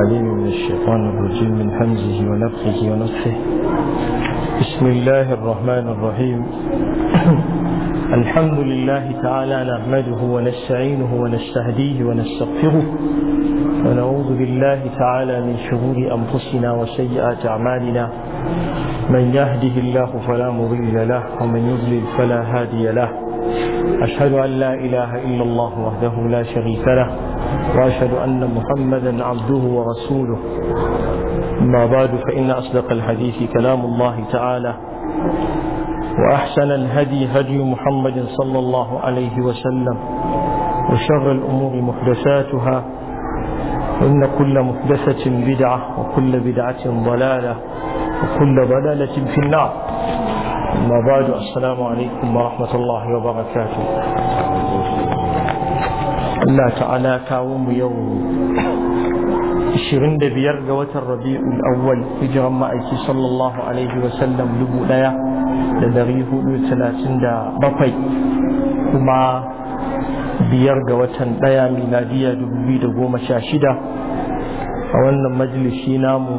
عليم من الشيطان الرجيم من حمزه ونفخه ونفخه بسم الله الرحمن الرحيم الحمد لله تعالى نحمده ونستعينه ونستهديه ونستغفره ونعوذ بالله تعالى من شرور أنفسنا وسيئات أعمالنا من يهده الله فلا مضل له ومن يضلل فلا هادي له أشهد أن لا إله إلا الله وحده لا شريك له وأشهد أن محمدا عبده ورسوله أما بعد فإن أصدق الحديث كلام الله تعالى وأحسن الهدي هدي محمد صلى الله عليه وسلم وشر الأمور محدثاتها إن كل محدثة بدعة وكل بدعة ضلالة وكل ضلالة في النار أما بعد السلام عليكم ورحمة الله وبركاته Allah ta'ala kawo mu yau 25 ga watan Rabi'ul Awwal hijiran ma'aiki sallallahu alaihi wa sallam dubu daya da dari hudu talatin da bakwai kuma biyar ga watan daya miladiya dubu biyu da goma sha shida a wannan majalisi namu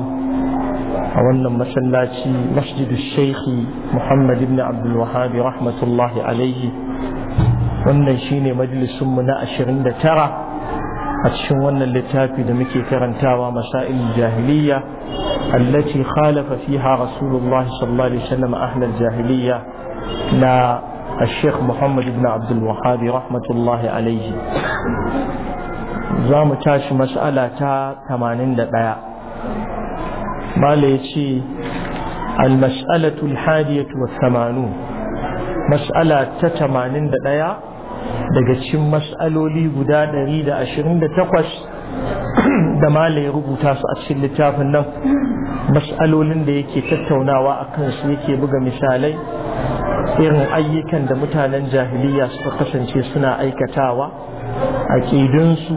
a wannan masallaci masjidu shaikhi Muhammad ibn Abdul Wahhab rahmatullahi alaihi wannan shine mu na ashirin da tara a cikin wannan littafi da muke karantawa masail jahiliya allati khalafa fiha rasulullahi sallallahu alaihi wasallam ahlal jahiliya na الشيخ محمد بن عبد الوهاب رحمة الله عليه za mu tashi mas'ala ta 81 mala ya ce al-mas'alatul hadiyatu wa 80 mas'ala ta daga cikin mas'aloli guda 128 da mala ya rubuta su a cikin littafin nan mas'alolin da yake tattaunawa a kansu yake buga misalai irin ayyukan da mutanen jahiliya suka kasance suna aikatawa a ƙidinsu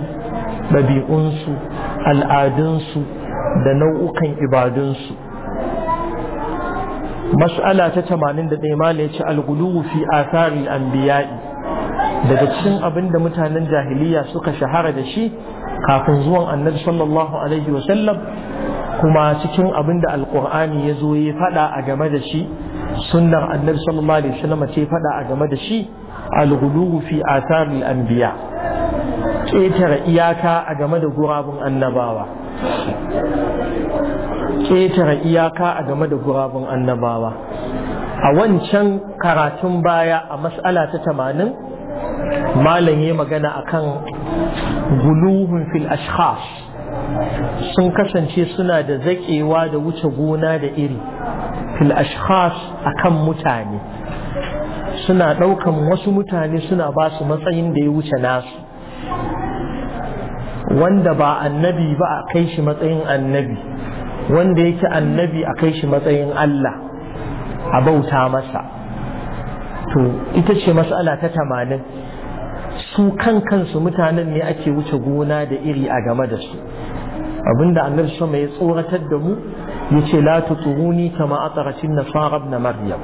ɗabi'unsu al'adunsu da nau'ukan ibadunsu mas'ala ta 81 mala ya ci alguluwu fi asarin anbiya'i daga cikin abin da mutanen jahiliya suka shahara da shi kafin zuwan annabi sallallahu alaihi wa sallam, kuma cikin abin da alkur'ani ya zo ya fada a game da shi sunnar annabi sallallahu alaihi wa wasallam ce fada a game da shi al-ghuluwu fi atharil anbiya ƙetare iyaka a game da gurabun annabawa ƙetare iyaka a game da gurabun annabawa a wancan karatun baya a mas'ala ta tamanin malam ya magana akan guluhun fil ashkhas sun kasance suna da zakewa da wuce gona da iri fil ashkhas akan mutane suna ɗaukan wasu mutane suna ba su matsayin da ya wuce nasu wanda ba annabi ba a kai shi matsayin annabi wanda yake annabi a kai shi matsayin Allah a bauta masa to ita ce masala ta tamanin su kan kansu mutanen ne ake wuce gona da iri a game da su abinda annabi sama ya tsoratar da mu ya ce la tuturuni kama na nasara na maryam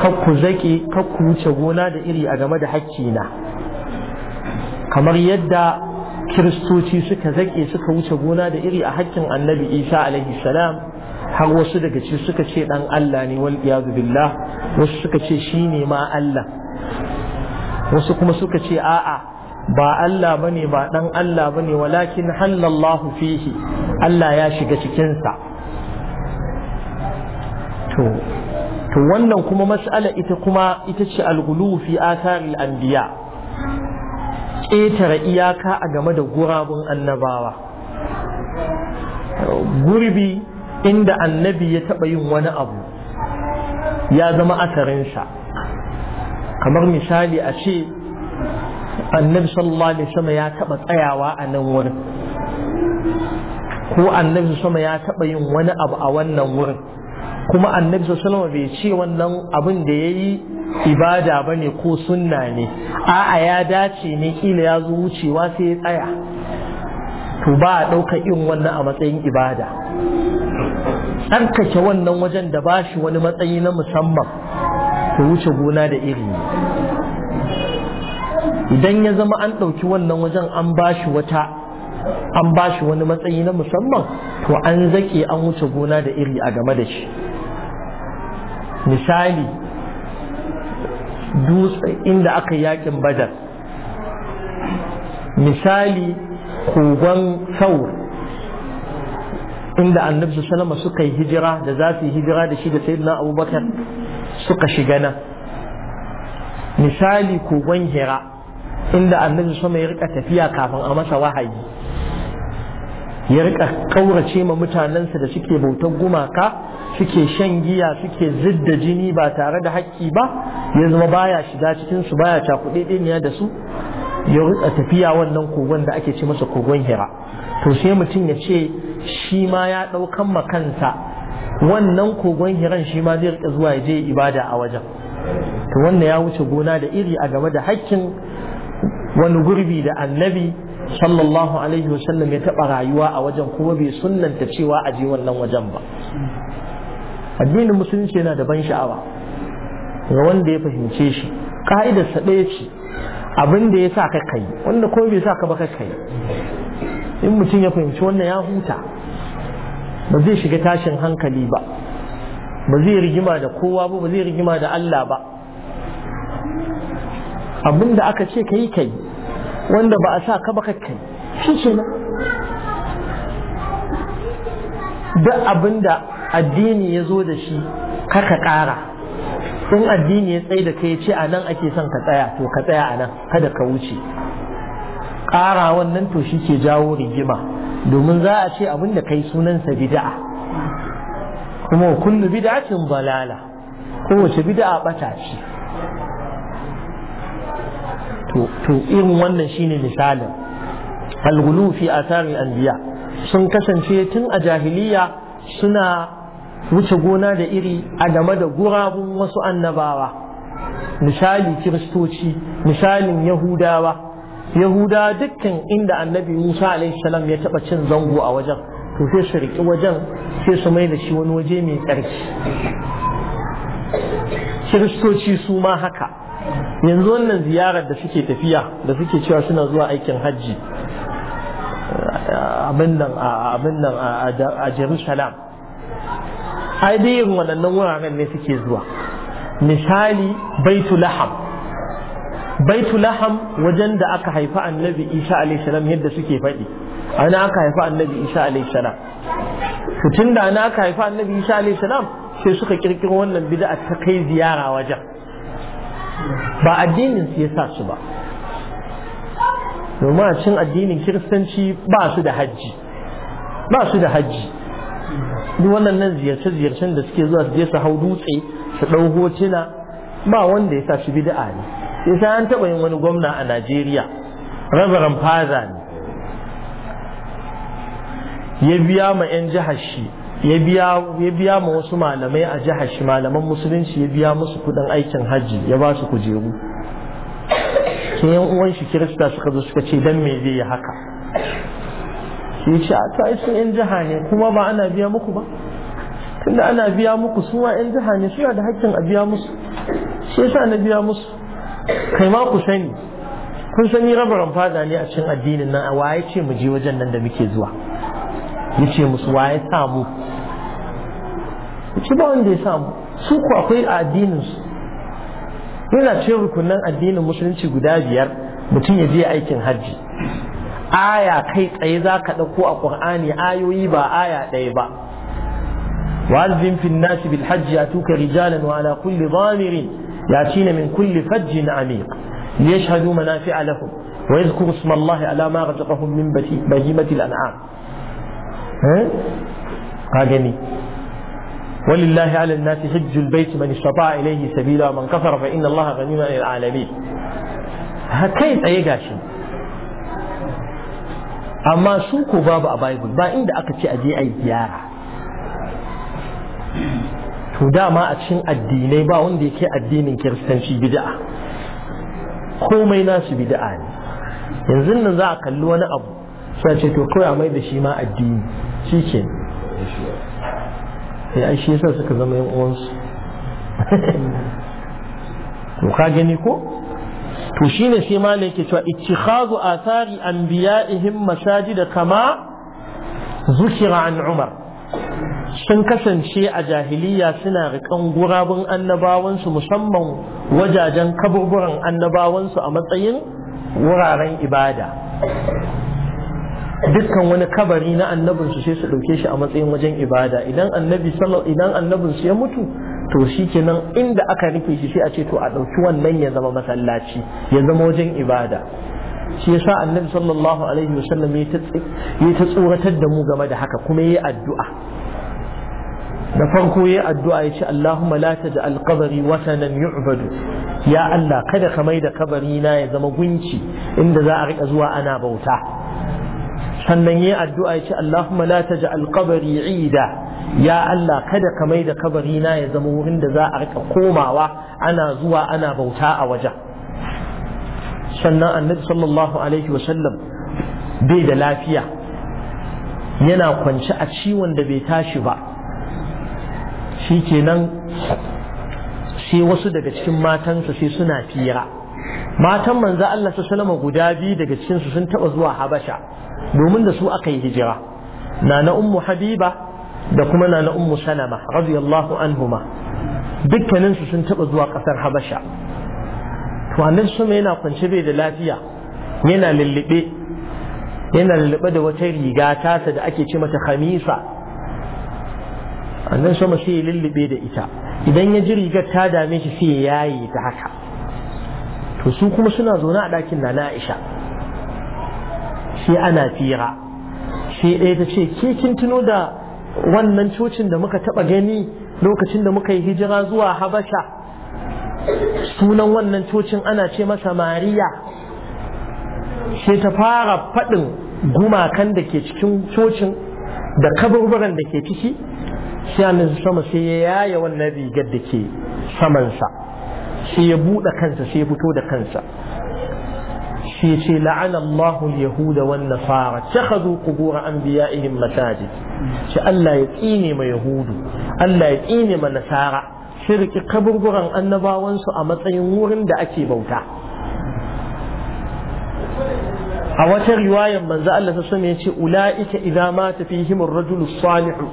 kakku zaki kakku wuce gona da iri a game da hakkina kamar yadda kiristoci suka zake suka wuce gona da iri a hakkin annabi isa alaihi salam har wasu daga ci suka ce dan Allah ne wal iyadu billah wasu suka ce shine ma Allah wasu kuma suka ce a'a ba Allah bane ba dan Allah bane walakin hallallahu fihi Allah ya shiga cikinsa to to wannan kuma mas'ala ita kuma ita ce al-ghulu fi atharil anbiya ƙetare iyaka a game da gurabun annabawa gurbi inda annabi ya taɓa yin wani abu ya zama asarinsa kamar misali a ce annabi sallallahu alaihi wasallam ya taba tsayawa a nan wurin ko annabi sama ya taba yin wani abu a wannan wurin kuma annabi sallallahu alaihi bai ce wannan abin da ya yi ibada bane ko sunna ne a'a ya dace ne kila ya zo wucewa sai ya tsaya to ba a ɗaukar wannan a matsayin ibada tsarkake wannan wajen da ba shi wani matsayi na musamman Ka wuce gona da iri idan ya zama an ɗauki wannan wajen an bashi wata an bashi wani matsayi na musamman to an zake an wuce gona da iri a game da shi misali dutse inda aka yakin badar misali kogon saur inda annabi sallama suka yi hijira da za su yi hijira da shi da sayyidina abubakar suka shiga nan misali kogon hira inda annabi sama ya rika tafiya kafin a masa wahayi ya rika kaurace ma mutanensa da suke bautar gumaka suke shan giya suke zidda jini ba tare da hakki ba ya zama baya shiga cikin su baya cakuɗe ɗiniya da su ya rika tafiya wannan kogon da ake ce masa kogon hira to sai mutum ya ce shi ma ya ɗaukan ma kansa. wannan kogon hiran shi ma zai rika zuwa ya je ibada a wajen to wannan ya wuce gona da iri a game da hakkin wani gurbi da annabi sallallahu alaihi wa sallam ya taɓa rayuwa a wajen kuma bai sunnanta cewa a je wannan wajen ba addinin musulunci yana da ban sha'awa ga wanda ya fahimce shi ka'idar sa ɗaya ce abin da ya sa ka kai wanda kuma bai sa ka ba ka kai in mutum ya fahimci wannan ya huta ba zai shiga tashin hankali ba ba zai rigima da kowa ba ba zai rigima da Allah ba abin da aka ce ka yi ka yi wanda ba a sa ka ba ka kai shi ce na duk abin da addini ya zo da shi kaka ƙara in addini ya tsaye da ka ce a nan ake son ka tsaya to ka tsaya a nan kada ka wuce ƙara wannan to shi ke jawo rigima domin za a ce abin da kai sunansa bid'a kuma kullu bid'atin balala kowace bid'a bata ce to irin wannan shine misalin alghulu fi al anbiya sun kasance tun a jahiliya suna wuce gona da iri a game da gurabun wasu annabawa misali kiristoci misalin yahudawa yahuda dukkan inda annabi musa alaihi salam ya taba cin zango a wajen to sai su riƙi wajen sai su mai da shi wani waje mai tsarki kiristoci su ma haka yanzu wannan ziyarar da suke tafiya da suke cewa suna zuwa aikin hajji abin nan a jerusalem ai dai yin wuraren ne suke zuwa misali baitu laham baitu laham wajen da aka haifa annabi isa alaihi yadda suke faɗi ana aka haifa annabi isa alaihi salam da ana aka haifa annabi isa alaihi sai suka kirkiro wannan bid'a ta kai ziyara wajen ba addinin su yasa su ba domin a cikin addinin kiristanci ba su da hajji ba su da hajji duk wannan ziyarce-ziyarcen da suke zuwa su je su hau dutse su ɗau hotuna ba wanda ya sa shi bid'a ne isa an taɓa yin wani gwamna a najeriya rabaran faza ne ya biya ma 'yan jihar shi ya biya ma wasu malamai a jihar shi malaman musulunci ya biya musu kudin aikin hajji ya ba su kujeru Sun yan uwan shi kirista suka zo suka ce dan me zai yi haka ya ce a ta sun yan jiha ne kuma ba ana biya muku ba tunda ana biya muku su yan jiha ne suna da hakkin a biya musu shi yasa na biya musu kai ma ku sani kun sani rabaran fada ne a cikin addinin nan waye ce mu wajen nan da muke zuwa ya ce musu waye samu mu ce ba wanda ya samu su ku akwai a addinin su yana ce rukunan addinin musulunci guda biyar mutum ya je aikin hajji aya kai tsaye za ka ɗauko a ƙur'ani ayoyi ba aya ɗaya ba wa'azin fin nasi bil hajji atuka rijalan wa ala kulli dhamirin يأتين من كل فج عميق ليشهدوا منافع لهم ويذكروا اسم الله على ما رزقهم من بهيمة الأنعام ها؟ ولله على الناس حج البيت من استطاع إليه سبيلا ومن كفر فإن الله غني عن العالمين هكيف أي قاشي أما شوكوا باب بايبل با إن أكتي أجي أي زيارة to dama a cikin addinai ba wanda yake addinin kiristanci bid'a komai nasu bid'a ne yanzu nan za a kalli wani abu sai ce to kawai a mai da shi ma addini shi ke sai eh, ai shi yasa suka zama yan uwansu to ka gani ko to shine sai malai an cewa ittikhadhu athari anbiya'ihim masajid kama zukira an umar sun kasance a jahiliya suna riƙan gurabun annabawansu musamman wajajen kaburburan annabawansu a matsayin wuraren ibada dukkan wani kabari na annabinsu sai su ɗauke shi a matsayin wajen ibada idan annabi idan annabinsu ya mutu to shi kenan inda aka rufe shi sai a ce to a ɗauki wannan ya zama masallaci ya zama wajen ibada shi yasa annabi sallallahu alaihi wasallam ya ta tsoratar da mu game da haka kuma ya yi addu'a da farko ya addu'a ya ce Allahumma la taj'al qabri watanan yu'badu ya Allah kada ka mai da kabari na ya zama gunci inda za a rika zuwa ana bauta sannan ya addu'a ya ce Allahumma la taj'al qabri 'ida ya Allah kada ka mai da kabari na ya zama wurin da za a rika komawa ana zuwa ana bauta a wajen sannan annabi sallallahu alaihi wa sallam bai da lafiya yana kwance a ciwon da bai tashi ba shi kenan sai wasu daga cikin matansa sai suna fira matan manzo Allah ta salama guda biyu daga cikinsu sun taɓa zuwa habasha domin da su aka yi hijira na na ummu habiba da kuma na na ummu salama radiyallahu anhuma dukkaninsu sun taɓa zuwa ƙasar habasha to annabi sama yana kwance bai da lafiya yana lullube yana lullube da wata riga tasa da ake ce mata khamisa annan sama sai ya lullube da ita idan ya ji rigar ta dame shi sai ya yaye ta haka to su kuma suna zaune a ɗakin na Na'isha Aisha sai ana fira sai ɗaya ta ce ke kin tuno da wannan cocin da muka taɓa gani lokacin da muka yi hijira zuwa Habasha sunan wannan cocin ana ce masa Mariya sai ta fara faɗin gumakan da ke cikin cocin da kaburburan da ke ciki sai annabi sama sai ya yaya wannan rigar da ke samansa sai ya buɗe kansa sai ya fito da kansa sai ya ce la'ana Allahu yahuda wan nasara an qubur anbiya'ihim masajid shi Allah ya tsine ma yahudu Allah ya tsine ma nasara shirki kaburburan annabawansu a matsayin wurin da ake bauta a wata riwayar manzo Allah sallallahu alaihi ya ce ula'ika idza mata fihim ar-rajulu salihu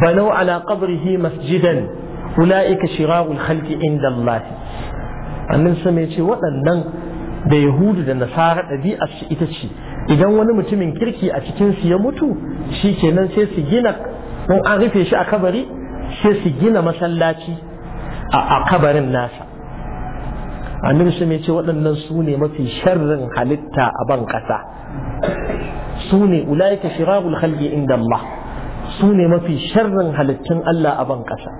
banau ala qabrihi masjidan ulaika shirarul khalqi inda Allah annin sa ce waɗannan da yahudu da nasara ɗabi'a su ita ce idan wani mutumin kirki a cikinsu ya mutu shi kenan sai su gina in an rufe shi a kabari sai su gina masallaci a kabarin nasa annabi su ce waɗannan su ne mafi sharrin halitta a ban ƙasa su ne ulaika shirarul khalqi inda Allah su ne mafi sharrin halittun Allah a ban ƙasa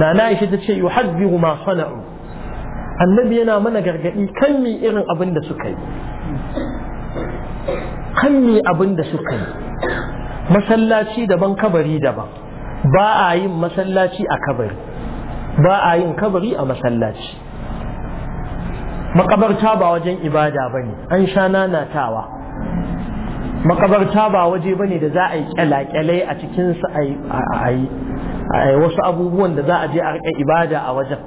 na na ishe ta ce yuhaddiru annabi yana mana gargaɗi kan mi irin abin da suka yi kan mi abin da suka yi masallaci daban kabari daban ba a yin masallaci a kabari ba a yin kabari a masallaci makabarta ba wajen ibada ba ne an sha nanatawa makabarta ba waje bane da za a yi kyalakyalai a cikinsa a yi wasu abubuwan da za a je a riƙa ibada a wajen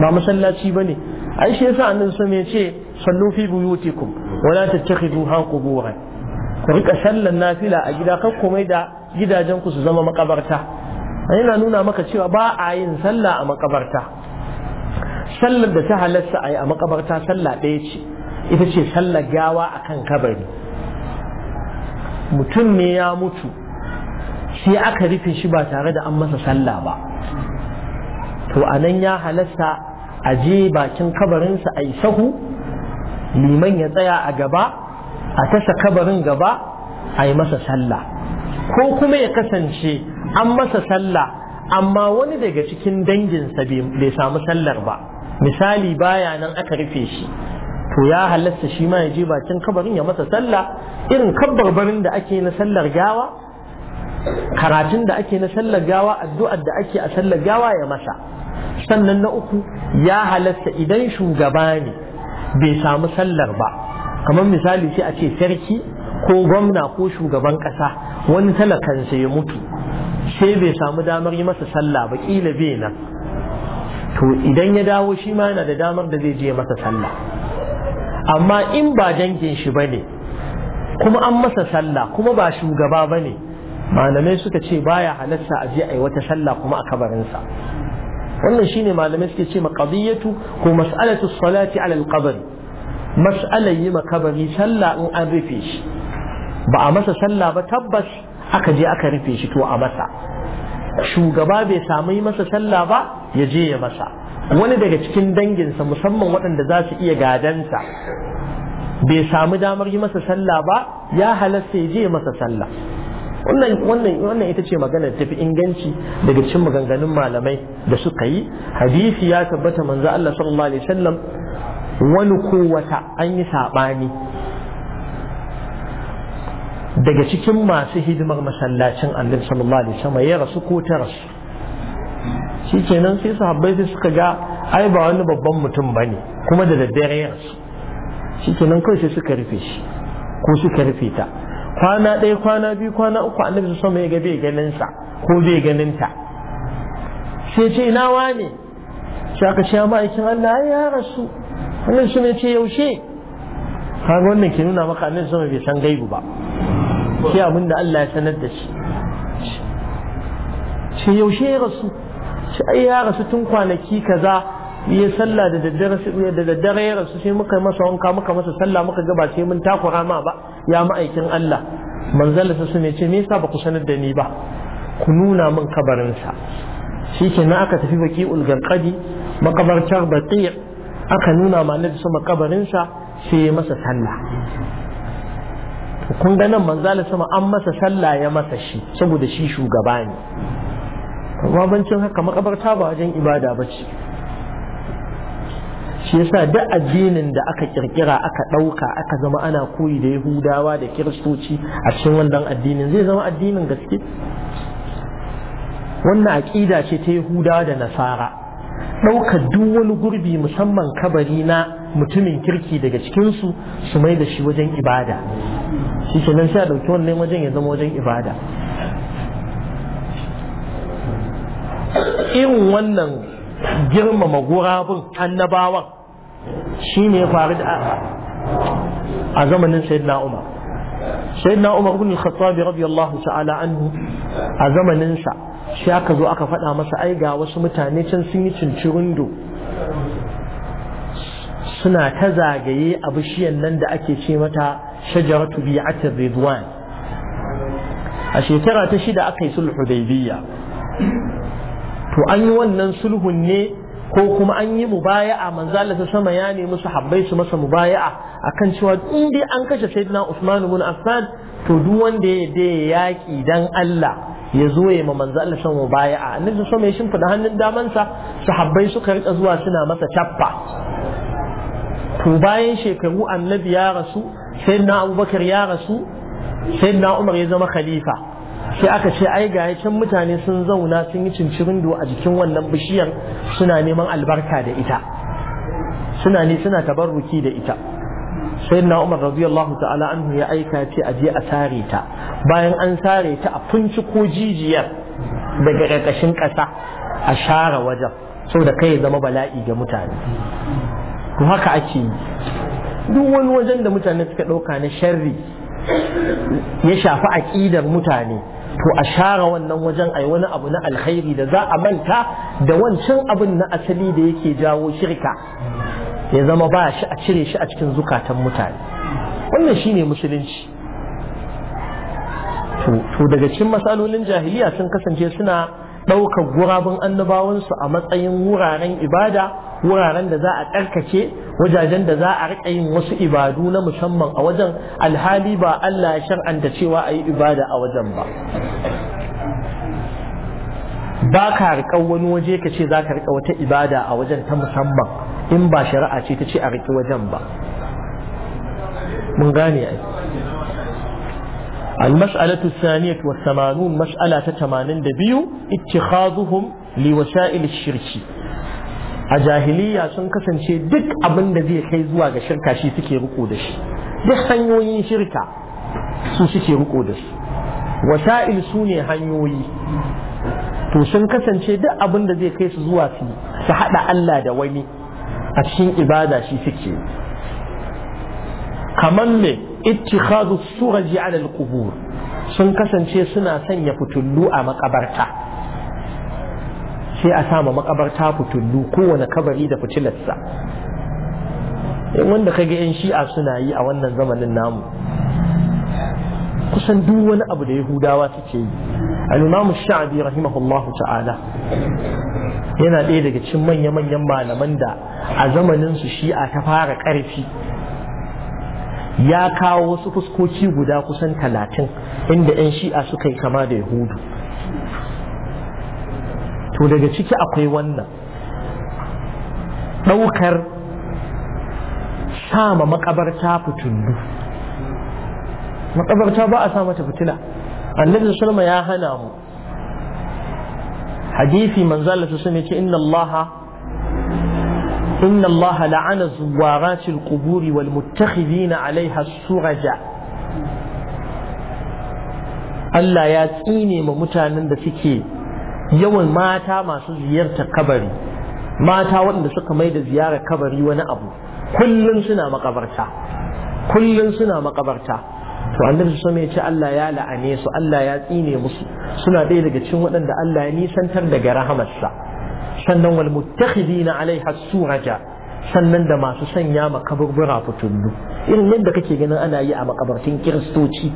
ba masallaci bane ai shi yasa annabi sun ya ce sallu fi buyutikum wala tattakhidhu ha quburan ku riƙa sallan nafila a gida kar ku mai da gidajen ku su zama makabarta yana nuna maka cewa ba a yin sallah a makabarta sallar da ta halarta a yi a makabarta sallah ɗaya ce ita ce sallar gawa akan kabari mutum ne ya mutu sai aka rufe shi ba tare da an masa sallah ba to anan ya halasta a je bakin kabarinsa a yi sahu liman ya tsaya a gaba a tasa kabarin gaba a yi masa sallah ko kuma ya kasance an masa sallah amma wani daga cikin danginsa bai samu sallar ba misali baya nan aka rufe shi to ya halatta shi ma ya je bakin kabarin ya masa sallah irin kabbarbarin da ake na sallar gawa karatun da ake na sallar gawa addu'ar da ake a sallar gawa ya masa sannan na uku ya halatta idan shugaba ne bai samu sallar ba kamar misali sai a ce sarki ko gwamna ko shugaban ƙasa wani talakansa ya mutu sai bai samu damar yi masa sallah ba kila bai nan to idan ya dawo shi ma yana da damar da zai je masa sallah amma in ba dangin shi bane kuma an masa sallah kuma ba shugaba bane malamai suka ce baya halarta a je a yi wata sallah kuma a kabarinsa wannan shine malamai suke ce maqadiyatu ko mas'alatu salati ala al mas'alar yi makabari sallah in an rufe shi ba a masa sallah ba tabbas aka je aka rufe shi to a masa shugaba bai samu yi masa sallah ba ya je ya masa wani daga cikin danginsa musamman waɗanda za su iya gadansa bai samu damar yi masa sallah ba ya halasta ya je masa sallah wannan ita ce magana ta fi inganci daga cikin maganganun malamai da suka yi hadisi ya tabbata manzo Allah sallallahu alaihi wasallam wani kowata an yi sabani daga cikin masu hidimar masallacin annabi sallallahu alaihi wasallam ya rasu ko ta rasu shi kenan sai sahabbai sai suka ga ai ba wani babban mutum ba ne kuma da daddare ya rasu shi kenan kawai sai suka rufe shi ko suka rufe ta kwana ɗaya kwana biyu kwana uku annabi su sama ya ga bai ganin sa ko bai ganin ta sai ce ina wane shi aka ce ma'aikin Allah ya rasu Wannan su ne ce yaushe kaga wannan ke nuna maka annabi sama bai san gaibu ba sai abin da Allah ya sanar da shi ce yaushe ya rasu shi ai ya rasu tun kwanaki kaza ya sallah da daddare da daddare ya rasu sai muka masa wanka muka masa sallah muka ga ba sai mun takura ma ba ya ma'aikin Allah manzala sa ne ce me yasa ba ku sanar da ni ba ku nuna min kabarin sa shikenan aka tafi baki ulgarqadi makabartar baqi aka nuna ma annabi su makabarin sa sai ya masa sallah kun ga nan manzala sama an masa sallah ya masa shi saboda shi shugaba ne babancin haka makabarta ba wajen ibada ba ce shi yasa duk addinin da aka kirkira aka ɗauka aka zama ana koyi da yahudawa da kiristoci a cikin wannan addinin zai zama addinin gaske wannan aƙida ce ta yahudawa da nasara ɗaukar duk wani gurbi musamman kabari na mutumin kirki daga cikinsu su mai da shi wajen ibada shi kenan sai a ɗauki wannan wajen ya zama wajen ibada irin wannan girmama gurabun annabawan shi ne ya faru da a zamanin sayyidina umar sayyidina umar bin khattabi radiyallahu ta'ala anhu a zamaninsa sa shi aka zo aka faɗa masa ai ga wasu mutane can sun yi cincirindo suna ta zagaye a bishiyan nan da ake ce mata shajaratu bi'atir ridwan a shekara ta shida aka yi sulhu daidiyya to an yi wannan sulhun ne ko kuma an yi mubaya'a manzo Allah ta sama ya nemi sahabbai su masa mubaya'a akan cewa in dai an kashe sayyidina Usman ibn Affan to duk wanda ya da yaki dan Allah ya zo ya ma manzo Allah sama mubaya'a annabi sama ya shimfida hannun damansa sahabbai suka rika zuwa suna masa chaffa to bayan shekaru annabi ya rasu sayyidina Abubakar ya rasu sayyidina Umar ya zama khalifa sai aka ce ai ga can mutane sun zauna sun yi cincirindo a jikin wannan bishiyar suna neman albarka da ita suna ne suna tabarruki da ita sai na umar radiyallahu ta'ala anhu ya aika ce a je a sare ta bayan an sare ta a funci ko jijiyar daga ƙarƙashin ƙasa a share wajen da kai ya zama bala'i ga mutane to haka ake yi duk wani wajen da mutane suka ɗauka na sharri ya shafi aƙidar mutane to a share wannan wajen ai wani abu na alkhairi da za a manta da wancan abin na asali da yake jawo shirka ya zama ba shi a cire shi a cikin zukatan mutane wannan shine musulunci to daga cikin matsalolin jahiliya sun kasance suna ɗaukar gurabin annabawansu a matsayin wuraren ibada wuraren da za a tsarkake wajajen da za a riƙa yin wasu ibadu na musamman a wajen alhali ba Allah ya shar'anta cewa a yi ibada a wajen ba ba ka riƙa wani waje ka ce za ka riƙa wata ibada a wajen ta musamman in ba shari'a ce ta ce a riƙi wajen ba mun gane ai المسألة الثانية والثمانون مسألة تتمانين دبيو اتخاذهم لوسائل الشرك a jahiliya sun kasance duk abin da zai kai zuwa ga shirka shi suke riko da shi duk hanyoyin shirka su suke riko da shi wasa'il su ne hanyoyi to sun kasance duk abin da zai kai su zuwa su su haɗa Allah da wani a cikin ibada shi suke kamar me ittikhadus suraji ala alqubur sun kasance suna sanya fitullu a makabarta sai a sama makabarta fitullu kowane kabari da fitilarsa in wanda ka ga yan shi'a suna yi a wannan zamanin namu kusan duk wani abu da yahudawa suke yi al'imamu sha'abi rahimahullahu ta'ala yana ɗaya daga cikin manya-manyan malaman da a zamanin su shi'a ta fara ƙarfi ya kawo wasu fuskoki guda kusan talatin inda 'yan shi'a suka yi kama da yahudu to daga ciki akwai wannan ɗaukar sama makabarta fitundu makabarta ba a sa mata fitila annabi sallama ya hana mu hadisi manzo Allah sallallahu alaihi inna Allah inna Allah la'ana zuwarati quburi wal muttakhidina 'alayha suraja Allah ya tsine ma mutanen da suke yawan mata masu ziyartar kabari mata waɗanda suka mai da ziyarar kabari wani abu kullum suna makabarta kullum suna makabarta to annabi su ya ce Allah ya la'ane su Allah ya tsine musu suna ɗaya daga cikin waɗanda Allah ya nisantar daga rahamarsa sannan wal muttakhidina alaiha suraja sannan da masu sanya makaburbura fitullu irin yadda kake ganin ana yi a makabartin kiristoci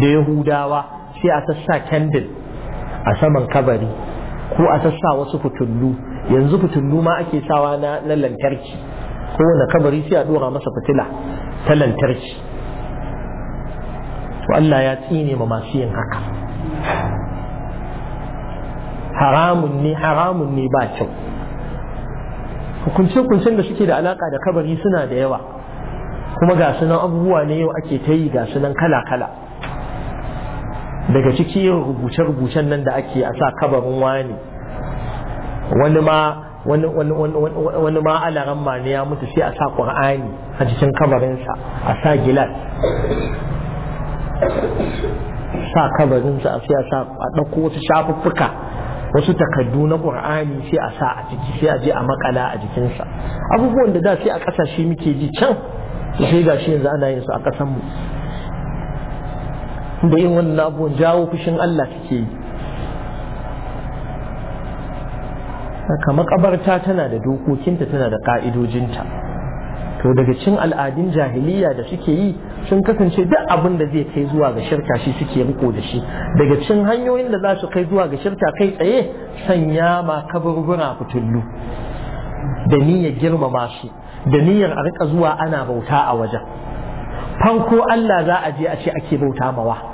da yahudawa sai a sassa candle a saman kabari ko a sassa wasu fitullu yanzu fitullu ma ake sawa na lantarki ko wanda kabari sai a dora masa fitila ta lantarki to Allah ya tsine ma masu yin haka haramun ne haramun ne ba kyau hukunce-hukuncen da suke da alaka da kabari suna da yawa kuma ga sunan abubuwa ne yau ake ta yi ga sunan kala-kala daga ciki rubuce-rubucen nan da ake a sa kabarin wani wani ma wani ma alaran ma ne ya mutu sai a sa ƙur'ani a cikin kabarinsa a sa gilas sa kabarinsa sa sai a sa a ɗauko wasu shafuffuka wasu takardu na ƙur'ani sai a sa a ciki sai a je a makala a jikinsa abubuwan da da sai a ƙasashe muke ji can sai ga shi yanzu ana yin su a ƙasanmu da yin wannan abubuwan jawo fushin Allah suke yi haka makabarta tana da dokokinta tana da ka'idojinta to daga cin al'adun jahiliya da suke yi sun kasance duk abin da zai kai zuwa ga shirka shi suke riko da shi daga cin hanyoyin da za su kai zuwa ga shirka kai tsaye sanya ma kaburbura fitullu da niyyar girmama shi da niyyar a rika zuwa ana bauta a wajen farko Allah za a je a ce ake bauta mawa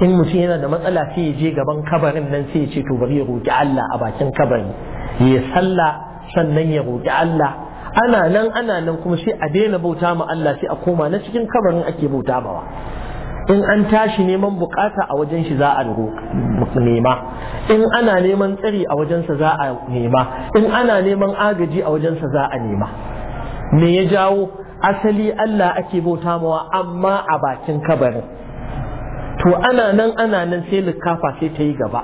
in mutum yana da matsala sai ya je gaban kabarin nan sai ya ce to bari ya roƙi Allah a bakin kabari ya sallah sannan ya roƙi Allah ana nan ana nan kuma sai a daina bauta ma Allah sai a koma na cikin kabarin ake bauta mawa in an tashi neman bukata a wajen shi za a nema in ana neman tsari a wajen sa za a nema in ana neman agaji a wajen sa za a nema me ya jawo asali Allah ake bauta mawa amma a bakin kabarin to ana nan ana nan sai likafa sai ta yi gaba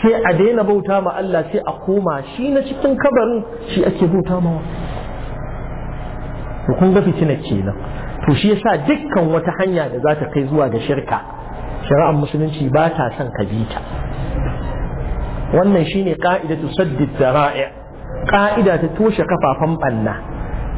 sai a daina bauta ma Allah sai a koma shi na cikin kabarin shi ake bauta ma to kun ga fitina kenan to shi yasa dukkan wata hanya da za ta kai zuwa ga shirka shari'ar musulunci ba ta son ka bi ta wannan shine qa'idatu saddid dara'i qa'ida ta toshe kafafan banna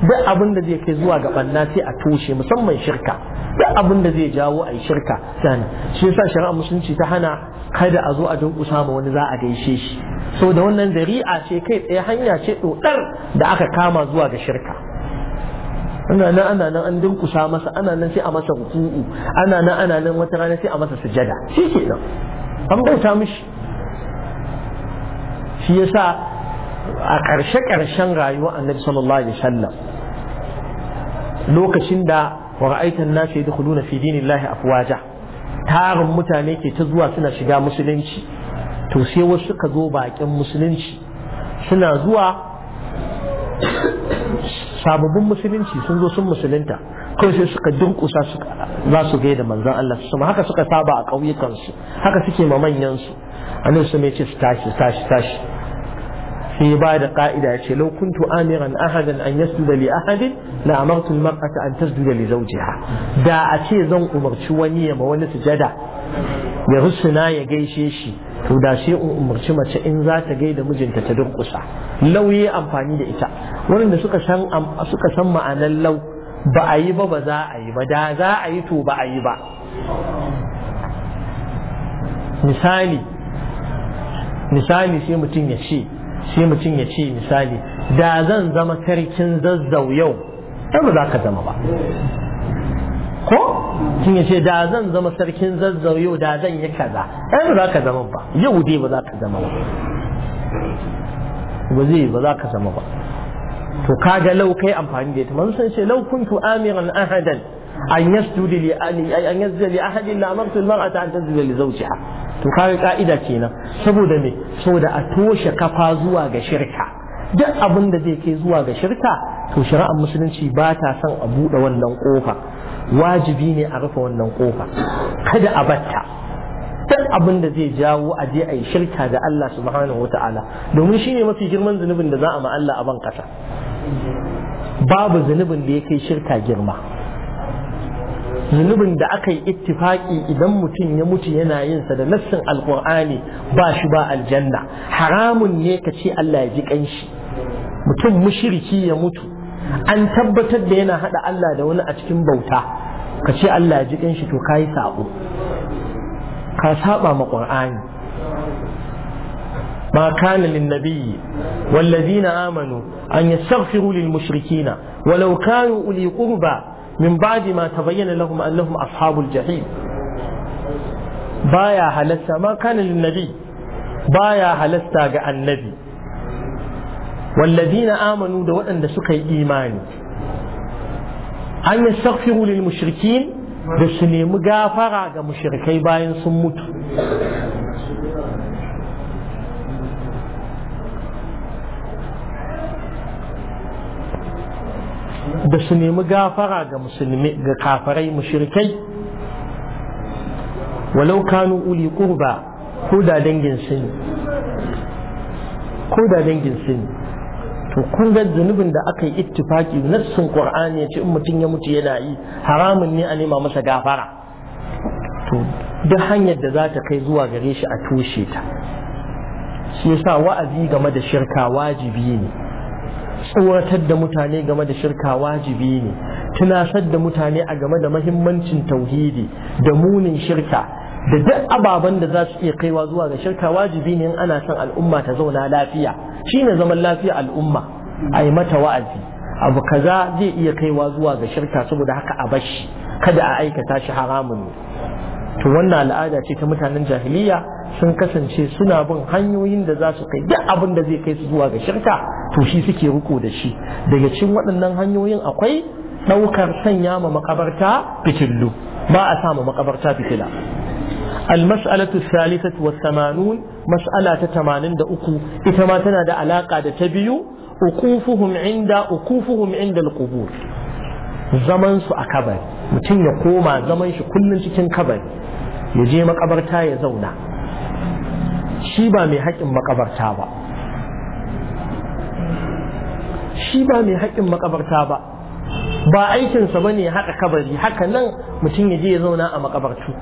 duk abin da zai kai zuwa ga banna sai a toshe musamman shirka da abin da zai jawo a yi shirka sani shi yasa shari'a musulunci ta hana kada a zo a kusa ma wani za a gaishe shi so da wannan zari'a ce kai tsaye hanya ce dodar da aka kama zuwa ga shirka ana nan ana nan an kusa masa ana nan sai a masa ruku'u ana nan ana nan wata rana sai a masa sujada shi ke nan an bauta mishi shi yasa a karshe-karshen rayuwa annabi sallallahu alaihi wasallam lokacin da wa ra'aitan nasu yadkhuluna fi dinillahi afwaja tarin mutane ke ta zuwa suna shiga musulunci to sai wasu suka zo bakin musulunci suna zuwa sababbin musulunci sun zo sun musulunta kawai sai suka dunkusa za su gaida manzon Allah su haka suka saba a ƙauyukansu haka suke ma manyansu annabi su mai ce su tashi tashi tashi sai ba da ka'ida ce law kuntu amiran ahadan an da li ahadin na amartu al-mar'ata an da li zaujiha. da a ce zan umarci wani ya ma wani sujada ya rusuna ya gaishe shi to da shi in umarci mace in za ta gaida mijinta ta durkusa lauye amfani da ita wurin da suka san suka san ma'anar lau ba a yi ba ba za a yi ba da za a yi to ba a yi ba misali misali sai mutum ya ce sai mutum ya ce misali da zan zama sarkin zazzau yau ai ba za ka zama ba ko mutum ya ce da zan zama sarkin zazzau yau da zan yi kaza ai ba za ka zama ba yau dai ba za ka zama ba ba zai ba za ka zama ba to kaga lau kai amfani da ita manzo sun ce lau kuntu amiran ahadan an yasjudu li an yasjudu li ahadin la amartu al-mar'ata an tasjuda li zawjiha to kare ka'ida kenan saboda me saboda a toshe kafa zuwa ga shirka duk abin da zai kai zuwa ga shirka to shari'ar musulunci ba ta son a buɗe wannan ƙofa wajibi ne a rufe wannan ƙofa kada a batta duk abin da zai jawo a je a yi shirka da Allah subhanahu wata'ala domin shine mafi girman zunubin da za a ma Allah a ban kasa babu zunubin da ya kai shirka girma zunubin da aka yi ittifaƙi idan mutum ya mutu yana yin sa da nassin Alƙur'ani ba shi ba aljanna haramun ne ka ce Allah ya ji kanshi mutum mushriki ya mutu an tabbatar da yana haɗa Allah da wani a cikin bauta ka ce Allah ya ji kanshi to yi saɓo ka saɓa ma ƙur'ani. ما كان للنبي والذين آمنوا أن يستغفروا للمشركين ولو كانوا أولي قربى من بعد ما تبين لهم أنهم أصحاب الجحيم بايا هلسا ما كان للنبي بايا هلسا جاء النبي والذين آمنوا دو أن سكي إيمان أن يستغفروا للمشركين بس su nemi gafara ga mushrikai bayan da su nemi gafara ga musulmi ga kafarai mushrikai walau kanu uli qurba ko da dangin sun ko da dangin sun to kun ga zunubin da aka yi ittifaki nassin qur'ani ya ce in mutum ya mutu yana yi haramun ne a nema masa gafara to duk hanyar da za ta kai zuwa gare shi a toshe ta shi yasa wa'azi game da shirka wajibi ne tsoratar da mutane game da shirka wajibi ne tunasar da mutane a game da mahimmancin tauhidi da munin shirka da duk ababen da za su iya kaiwa zuwa ga shirka wajibi ne in ana son al'umma ta zauna lafiya Shi shine zaman lafiya al'umma a yi mata wa'azi abu kaza zai iya kaiwa zuwa ga shirka saboda haka a bashi kada a aikata shi haramun ne to wannan al'ada ce ta mutanen jahiliya sun kasance suna bin hanyoyin da za su kai duk abin da zai kai su zuwa ga shirka to shi suke riko da shi daga cikin waɗannan hanyoyin akwai ɗaukar sanya ma maƙabarta fitilu. ba a sama maƙabarta fitila almas'alatu salisatu wa samanun mas'ala ta tamanin da uku ita ma tana da alaƙa da ta biyu ukufuhum inda ukufuhum inda alqubur zaman su a kabari mutum ya koma zaman shi kullun cikin kabari ya je maƙabarta ya zauna shi ba mai haƙƙin makabarta ba shi ba mai haƙƙin makabarta ba ba aikinsa ba ne haka kabari haka nan mutum ya je ya zauna a makabartu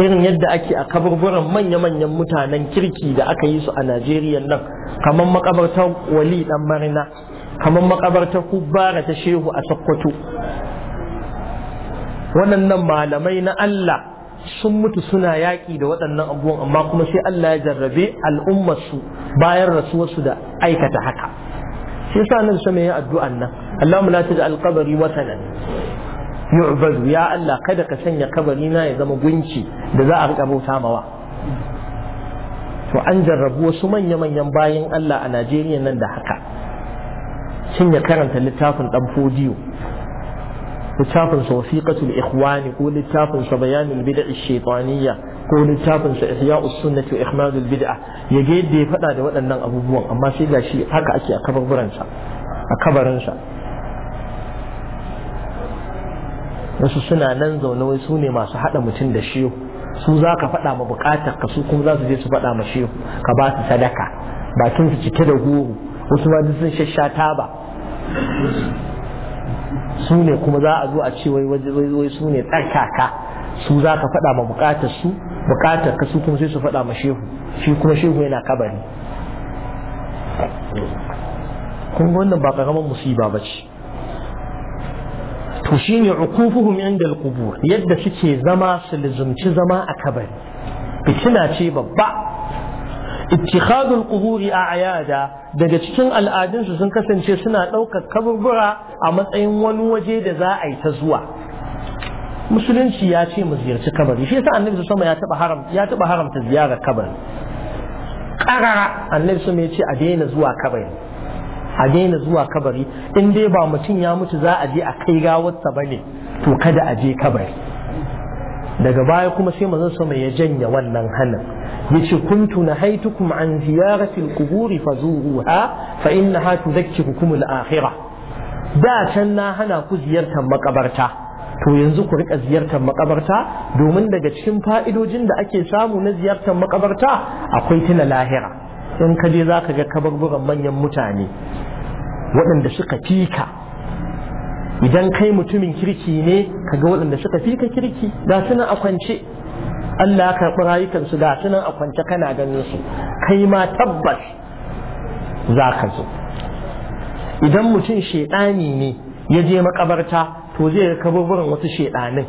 irin yadda ake a kaburburan manya-manyan mutanen kirki da aka yi su a najeriya nan kamar makabartar wali dan marina kamar makabartar kubara ta shehu a sokoto waɗannan malamai na allah sun mutu suna yaƙi da waɗannan abubuwan amma kuma sai Allah ya jarrabe al'ummarsu bayan rasuwarsu da aikata haka sai yasa nan sama ya addu'an nan Allahumma la taj'al qabri watanan yu'badu ya Allah kada ka sanya kabari na ya zama gunci da za a rika bauta mawa to an jarrabu wasu manya-manyan bayan Allah a Najeriya nan da haka shin ya karanta littafin dan fodiyo Littafinsa sa wasiqatul ikhwani ko littafinsa sa bayanul bid'a shaytaniyya ko littafinsa sa ihya'us wa ihmadul bid'a ya ga yadda ya fada da waɗannan abubuwan amma sai gashi haka ake a kabarburan sa a kabarin sa wasu suna nan zaune wai su ne masu hada mutum da shehu su za ka faɗa ma buƙatar ka su kuma za su je su faɗa ma shehu ka ba su sadaka bakin su cike da goro wasu ma duk sun shashata ba su ne kuma za a zo a ce wai wai su ne tsarkaka su za ka faɗa ma buƙatar su bukatar ka su kuma sai su faɗa ma shehu shi kuma shehu yana kabari kun wannan ba karamar musiba ba ce to shi ne ukufuhum inda al yadda suke zama su lizumci zama a kabari fitina ce babba ittikhadul quburi a'yada daga cikin al'adunsu sun kasance suna ɗaukar kaburbura a matsayin wani waje da za a yi ta zuwa musulunci ya ce mu ziyarci kabari shi yasa annabi sama ya taba haram ya taba haramta ziyarar kabari karara annabi sama ya ce a daina zuwa kabari a daina zuwa kabari in dai ba mutum ya mutu za a je a kai gawarsa ne, to kada a je kabari daga baya kuma sai mazan sama ya janye wannan hannun yace kuntu nahaitukum an ziyarati al-qubur fazuruha fa innaha tudhakkirukum al da can na hana ku ziyartar makabarta to yanzu ku rika ziyartar makabarta domin daga cikin fa'idojin da ake samu na ziyartar makabarta akwai tuna lahira in ka je zaka ga kabarburan manyan mutane waɗanda suka fika idan kai mutumin kirki ne kaga waɗanda suka fika kirki ga suna a kwance Allah ya karɓi rayukansu ga su nan a kwance kana ganin su kai ma tabbas za ka zo idan mutum shaidani ne ya je makabarta to zai ga kaburburan wasu shaidanin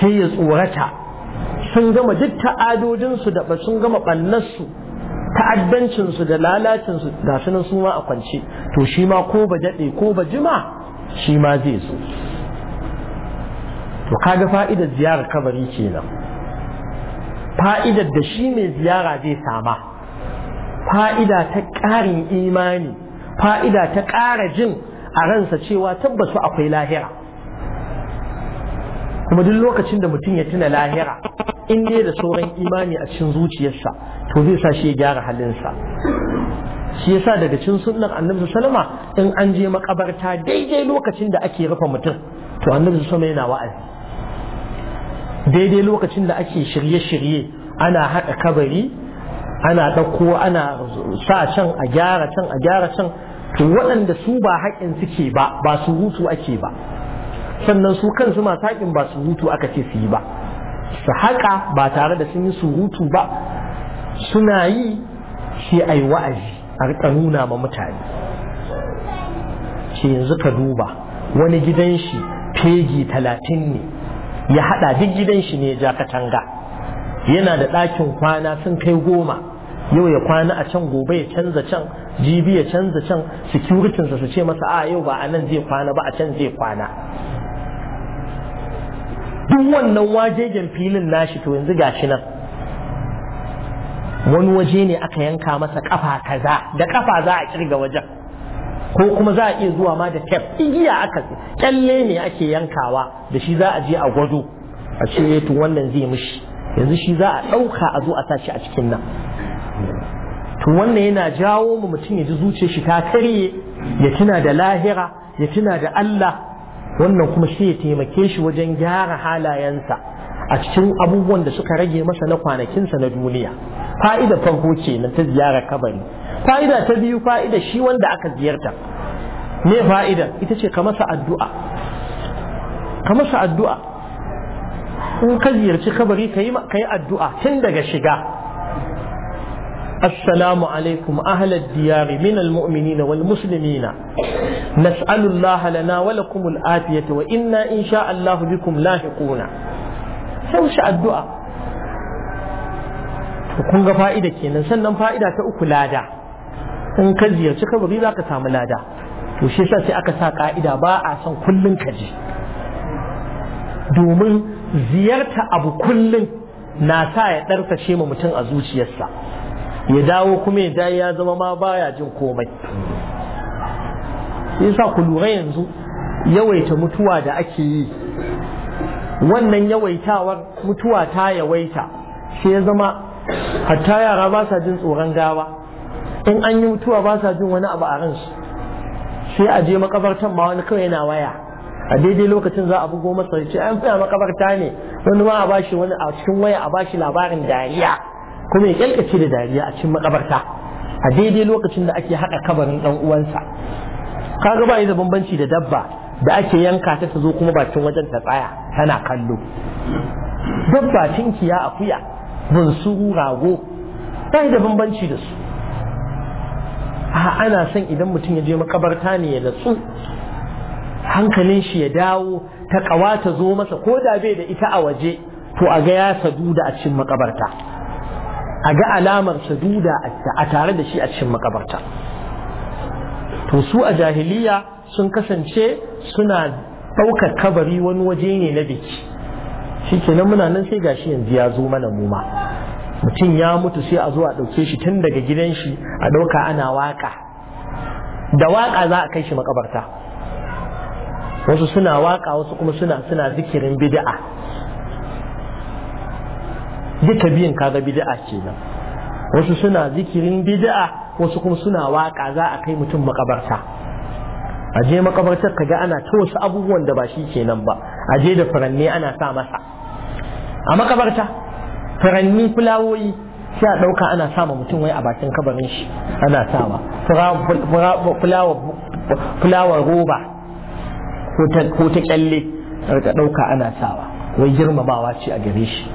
sai ya tsorata sun gama duk ta'adodinsu da sun gama ɓannarsu ta'addancinsu da lalacinsu ga su nan a kwance to shi ma ko ba daɗe ko ba jima shi ma zai zo to kaga fa'idar ziyarar kabari kenan fa'idar da shi mai ziyara zai sama fa'ida ta ƙarin imani fa'ida ta ƙara jin a ransa cewa tabbasu akwai lahira kuma duk lokacin da mutum ya tuna lahira in dai da sauran imani a cikin zuciyarsa to zai sa shi ya gyara halinsa shi yasa daga cikin sunnan annabi salama in an je makabarta daidai lokacin da ake rufe mutum to annabi sallama yana wa'azi daidai lokacin da ake shirye-shirye ana haɗa kabari ana ɗauko ana sa can a gyara can a gyara can to waɗanda su ba haƙin suke ba ba su hutu ake ba sannan su kansu masu haƙin ba su hutu aka ce su yi ba su haƙa ba tare da sun yi surutu ba suna yi sai a yi wa'azi a riƙa nuna ma mutane ce yanzu ka duba wani gidan shi fegi talatin ne ya haɗa duk gidan shi ne ja katanga yana da ɗakin kwana sun kai goma yau ya kwana a can gobe ya canza can jibi ya canza can sikuritinsa su ce masa a yau ba a nan zai kwana ba a can zai kwana duk wannan wajejen filin nashi to yanzu gashi nan wani waje ne aka yanka masa kafa kaza da kafa za a kirga wajen ko kuma za a iya zuwa ma da tef igiya aka kyalle ne ake yankawa da shi za a je a gwado a ce eh, to wannan zai mishi yanzu shi za a ɗauka a zo a tashi a cikin nan to wannan yana jawo mu mutum ya ji zuce shi ta karye ya tuna da lahira ya tuna da Allah wannan kuma shi ya taimake shi wajen gyara halayensa a cikin abubuwan da suka rage masa na kwanakinsa na duniya fa'idar farko kenan ta ziyarar kabari fa'ida ta biyu fa'ida shi wanda aka ziyarta me fa'ida ita ce ka masa addu'a ka masa addu'a in ka ziyarci kabari ka yi addu'a tun daga shiga السلام عليكم أهل الديار من المؤمنين والمسلمين نسأل الله لنا ولكم الآتية وإنا إن شاء الله بكم لاحقون سوش الدعاء kun ga fa'ida kenan sannan fa'ida ta uku lada in ka ziyarci kabari za ka samu lada to shi yasa sai aka sa ka'ida ba a son kullun ka ji. domin ziyarta abu kullun na sa ya ɗarfashe ma mutum a zuciyarsa ya dawo kuma ya ya zama ma baya jin komai sa ku lura yanzu yawaita mutuwa da ake yi wannan yawaitawar mutuwa ta yawaita sai ya zama hatta yara ba sa jin tsoron gawa in an yi mutuwa ba sa jin wani abu a ransu sai a je makabartan ma wani kawai yana waya a daidai lokacin za a bugo masa ya ce an fiya makabarta ne wani ma a bashi wani a cikin waya a bashi labarin dariya kuma ya kyalkace da dariya a cikin makabarta a daidai lokacin da ake haɗa kabarin ɗan uwansa Ka kaga ba da bambanci da dabba da ake yanka ta ta zo kuma bakin wajen ta tsaya tana kallo dabba tinkiya akuya bunsuru rago ba da bambanci da su a ana son idan mutum ya je makabarta ne ya latsu hankalin shi ya dawo ta ƙawa ta zo masa ko da bai da ita a waje to a ga ya saduda a cikin makabarta a ga alamar saduda a tare da shi a cikin makabarta to su a jahiliya sun kasance suna ɗaukar kabari wani waje ne na biki shi kenan muna nan sai gashi yanzu ya zo mana mu ma mutum ya mutu sai a zo a ɗauke shi tun daga gidan shi a ɗauka ana waka da waka za a kai shi makabarta wasu suna waka wasu kuma suna suna zikirin bid'a duka biyan kaga bid'a kenan wasu suna zikirin bid'a wasu kuma suna waka za a kai mutum makabarta a je makabartar kaga ana ta wasu abubuwan da ba shi kenan ba a je da furanni ana sa masa a makabarta Faranni fulawoyi sai a ɗauka ana sama mutum wai a bakin kabarin shi ana sawa fulawar roba ko ta kyalle a ɗauka ana sawa wai girmamawa ce a gare shi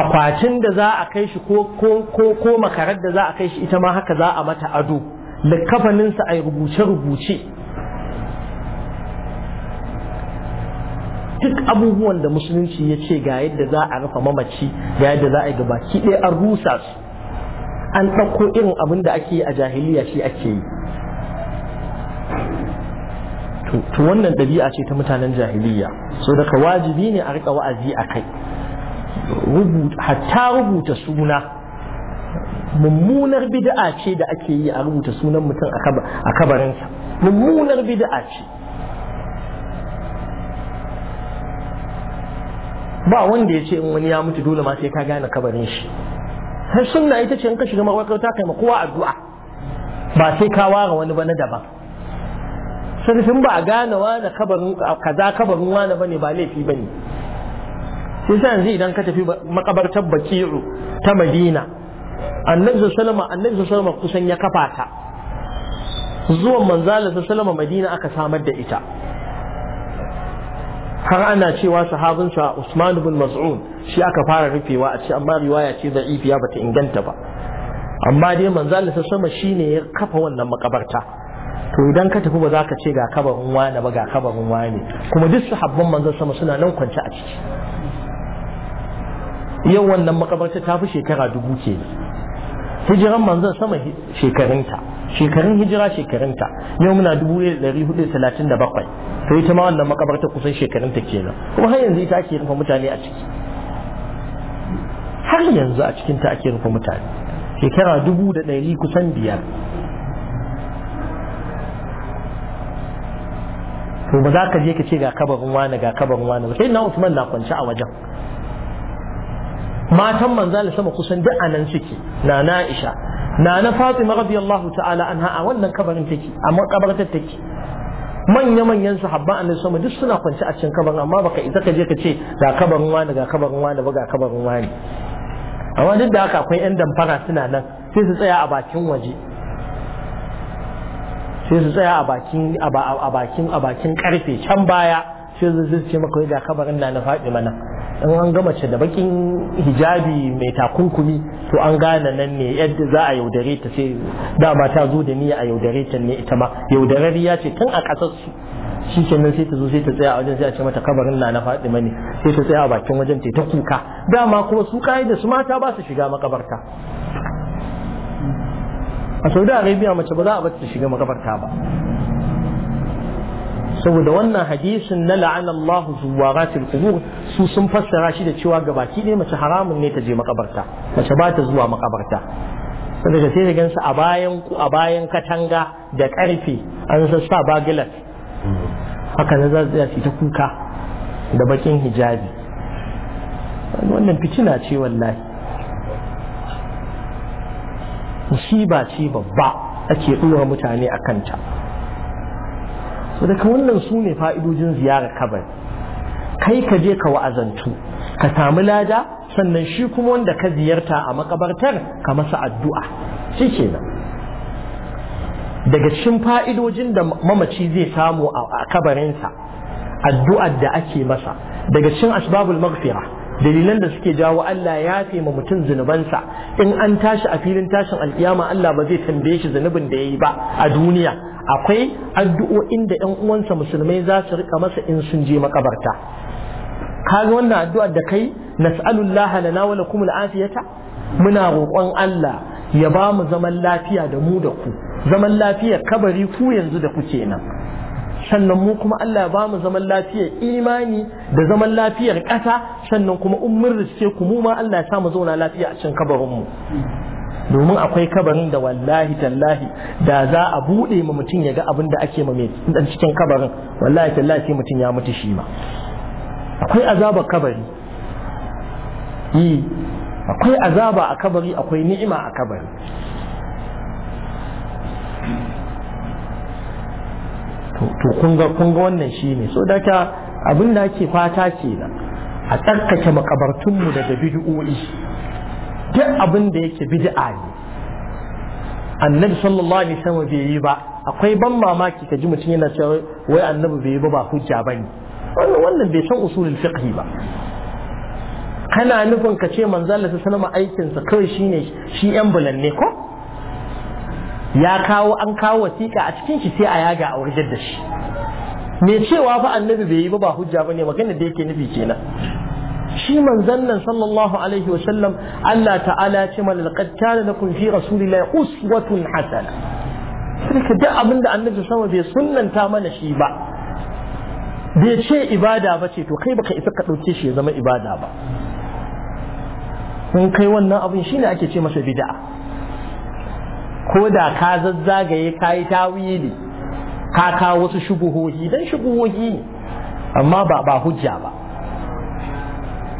akwatin da za a kai shi ko makarar da za a kai shi ita ma haka za a mata ado Da kafaninsa a rubuce-rubuce duk abubuwan da musulunci ya ce ga yadda za a rufa mamaci ga yadda za a yi ki ɗaya an rusa su an ɗauko irin abin da ake yi a jahiliya shi ake yi to wannan ɗabi'a ce ta mutanen jahiliya so daga wajibi ne a rika wa'azi a kai hatta rubuta suna mummunar bid'a ce da ake yi a rubuta sunan mutum a kabarinsa mummunar bid'a ce ba wanda ya ce in wani ya mutu dole ma sai ka gane kabarin shi har sunna ita ce in ka shiga ta kai makuwa addu'a ba sai ka ware wani ba na daban sarfin ba a gane wani kabarin kaza kabarin wani bane ba laifi bane sai sai yanzu idan ka tafi makabartar bakiru ta madina annabi sallama annabi wasallam kusan ya kafa ta zuwan alaihi wasallam madina aka samar da ita har ana cewa sahabinsa Usman bin Mas'ud shi aka fara rufewa a ce amma riwaya ce da'ifiya bata inganta ba amma dai manzo Allah sama shine ya kafa wannan makabarta to idan ka tafi ba za ka ce ga kabarin wani ba ga kabarin wani kuma duk sahabban manzo sama suna nan kwance a ciki yau wannan makabarta ta fi shekara dubu ke hijiran manzo sama shekarunta shekarun hijira shekarunta yau muna bakwai. to ita ma wannan makabarta kusan shekarun ta kenan kuma har yanzu ita ake rufe mutane a ciki har yanzu a cikin ta ake rufe mutane shekara dubu da ɗari kusan biyar to ba za ka je ka ce ga kabarin wani ga kabarin wani ba sai na Usman na kwance a wajen matan da sama kusan duk a nan suke na na isha na na Fatima radiyallahu ta'ala an ha'a wannan kabarin take a makabartar take manya-manyan su habban annabi sama duk suna kwance a cikin kabarin amma baka isa ka je ka ce ga kabarin wani ga kabarin wani ba ga kabarin wani amma duk da haka akwai yan damfara suna nan sai su tsaya a bakin waje sai su tsaya a bakin a bakin a bakin karfe can baya sai su ce maka ga kabarin na na faɗi mana in an ga mace da bakin hijabi mai takunkumi to an gane nan ne yadda za a yaudare ta sai dama ta zo da ni a yaudare ta ne ita ma yaudarariya ce tun a ƙasar su shi kenan sai ta zo sai ta tsaya a wajen sai a ce mata kabarin na na faɗi mani sai ta tsaya a bakin wajen ta kuka dama kuma su da su mata ba su shiga makabarta a saudi arabia mace ba za a bata shiga makabarta ba saboda wannan hadisin na la'ana zuwa ratin qubur su sun fassara shi da cewa gabaki ɗaya mace haramun ne ta je makabarta mace ba ta zuwa makabarta saboda sai da gansu a bayan a bayan katanga da karfe an sassa bagilat haka na za su ta kuka da bakin hijabi wannan fitina ce wallahi musiba ce babba ake ɗora mutane a kanta so daga wannan su ne fa'idojin ziyarar kabari kai ka je ka wa'azantu ka samu lada sannan shi kuma wanda ka ziyarta a makabartar ka masa addu'a shi ke nan daga cikin fa'idojin da mamaci zai samu a kabarinsa addu'ar da ake masa daga cikin asbabul magfira dalilan da suke jawo Allah ya fi ma mutum zunubansa in an tashi a filin tashin alkiyama Allah ba zai tambaye shi zunubin da ya yi ba a duniya akwai addu'o'in da ƴan uwansa musulmai za su rika masa in sun je makabarta kaga wannan addu'a da kai nas'alullaha lana wa lakum al'afiyata muna roƙon Allah ya ba mu zaman lafiya da mu da ku zaman lafiya kabari ku yanzu da ku kenan sannan mu kuma Allah ba mu zaman lafiyar imani da zaman lafiyar ƙasa sannan kuma in mun riske ku mu ma Allah ya sa mu zauna lafiya a cikin kabarin mu domin akwai kabarin da wallahi tallahi da za a bude ma mutum ya ga abin da ake ma mai dan cikin kabarin wallahi tallahi sai mutum ya mutu shi ma akwai azaba kabari yi akwai azaba a kabari akwai ni'ima a kabari to kun ga wannan shi ne so da ka abin da ake fata ke nan a tsarkake makabartunmu daga bid'o'i duk abin da yake bid'a ne annabi sallallahu alaihi wasallam bai yi ba akwai ban mamaki ka ji mutum yana cewa wai annabi bai yi ba ba hujja bane wannan wannan bai san usulul fiqh ba kana nufin ka ce manzo Allah sallallahu alaihi wasallam aikin sa kawai shine shi yan bulan ne ko ya kawo an kawo wasiƙa a cikin shi sai a yaga a wajen da shi me cewa fa annabi bai yi ba ba hujja bane magana da yake nufi kenan shi manzon nan sallallahu alaihi wa sallam Allah ta'ala ya ce mana laqad kana lakum fi rasulillahi uswatun hasana sai duk abin da annabi sama bai sunnanta mana shi ba bai ce ibada ba ce to kai baka isa ka dauke shi ya zama ibada ba Mun kai wannan abin shine ake ce masa bid'a ko da ka zazzagaye ka yi tawili ka kawo wasu shubuhohi dan shubuhohi ne amma ba ba hujja ba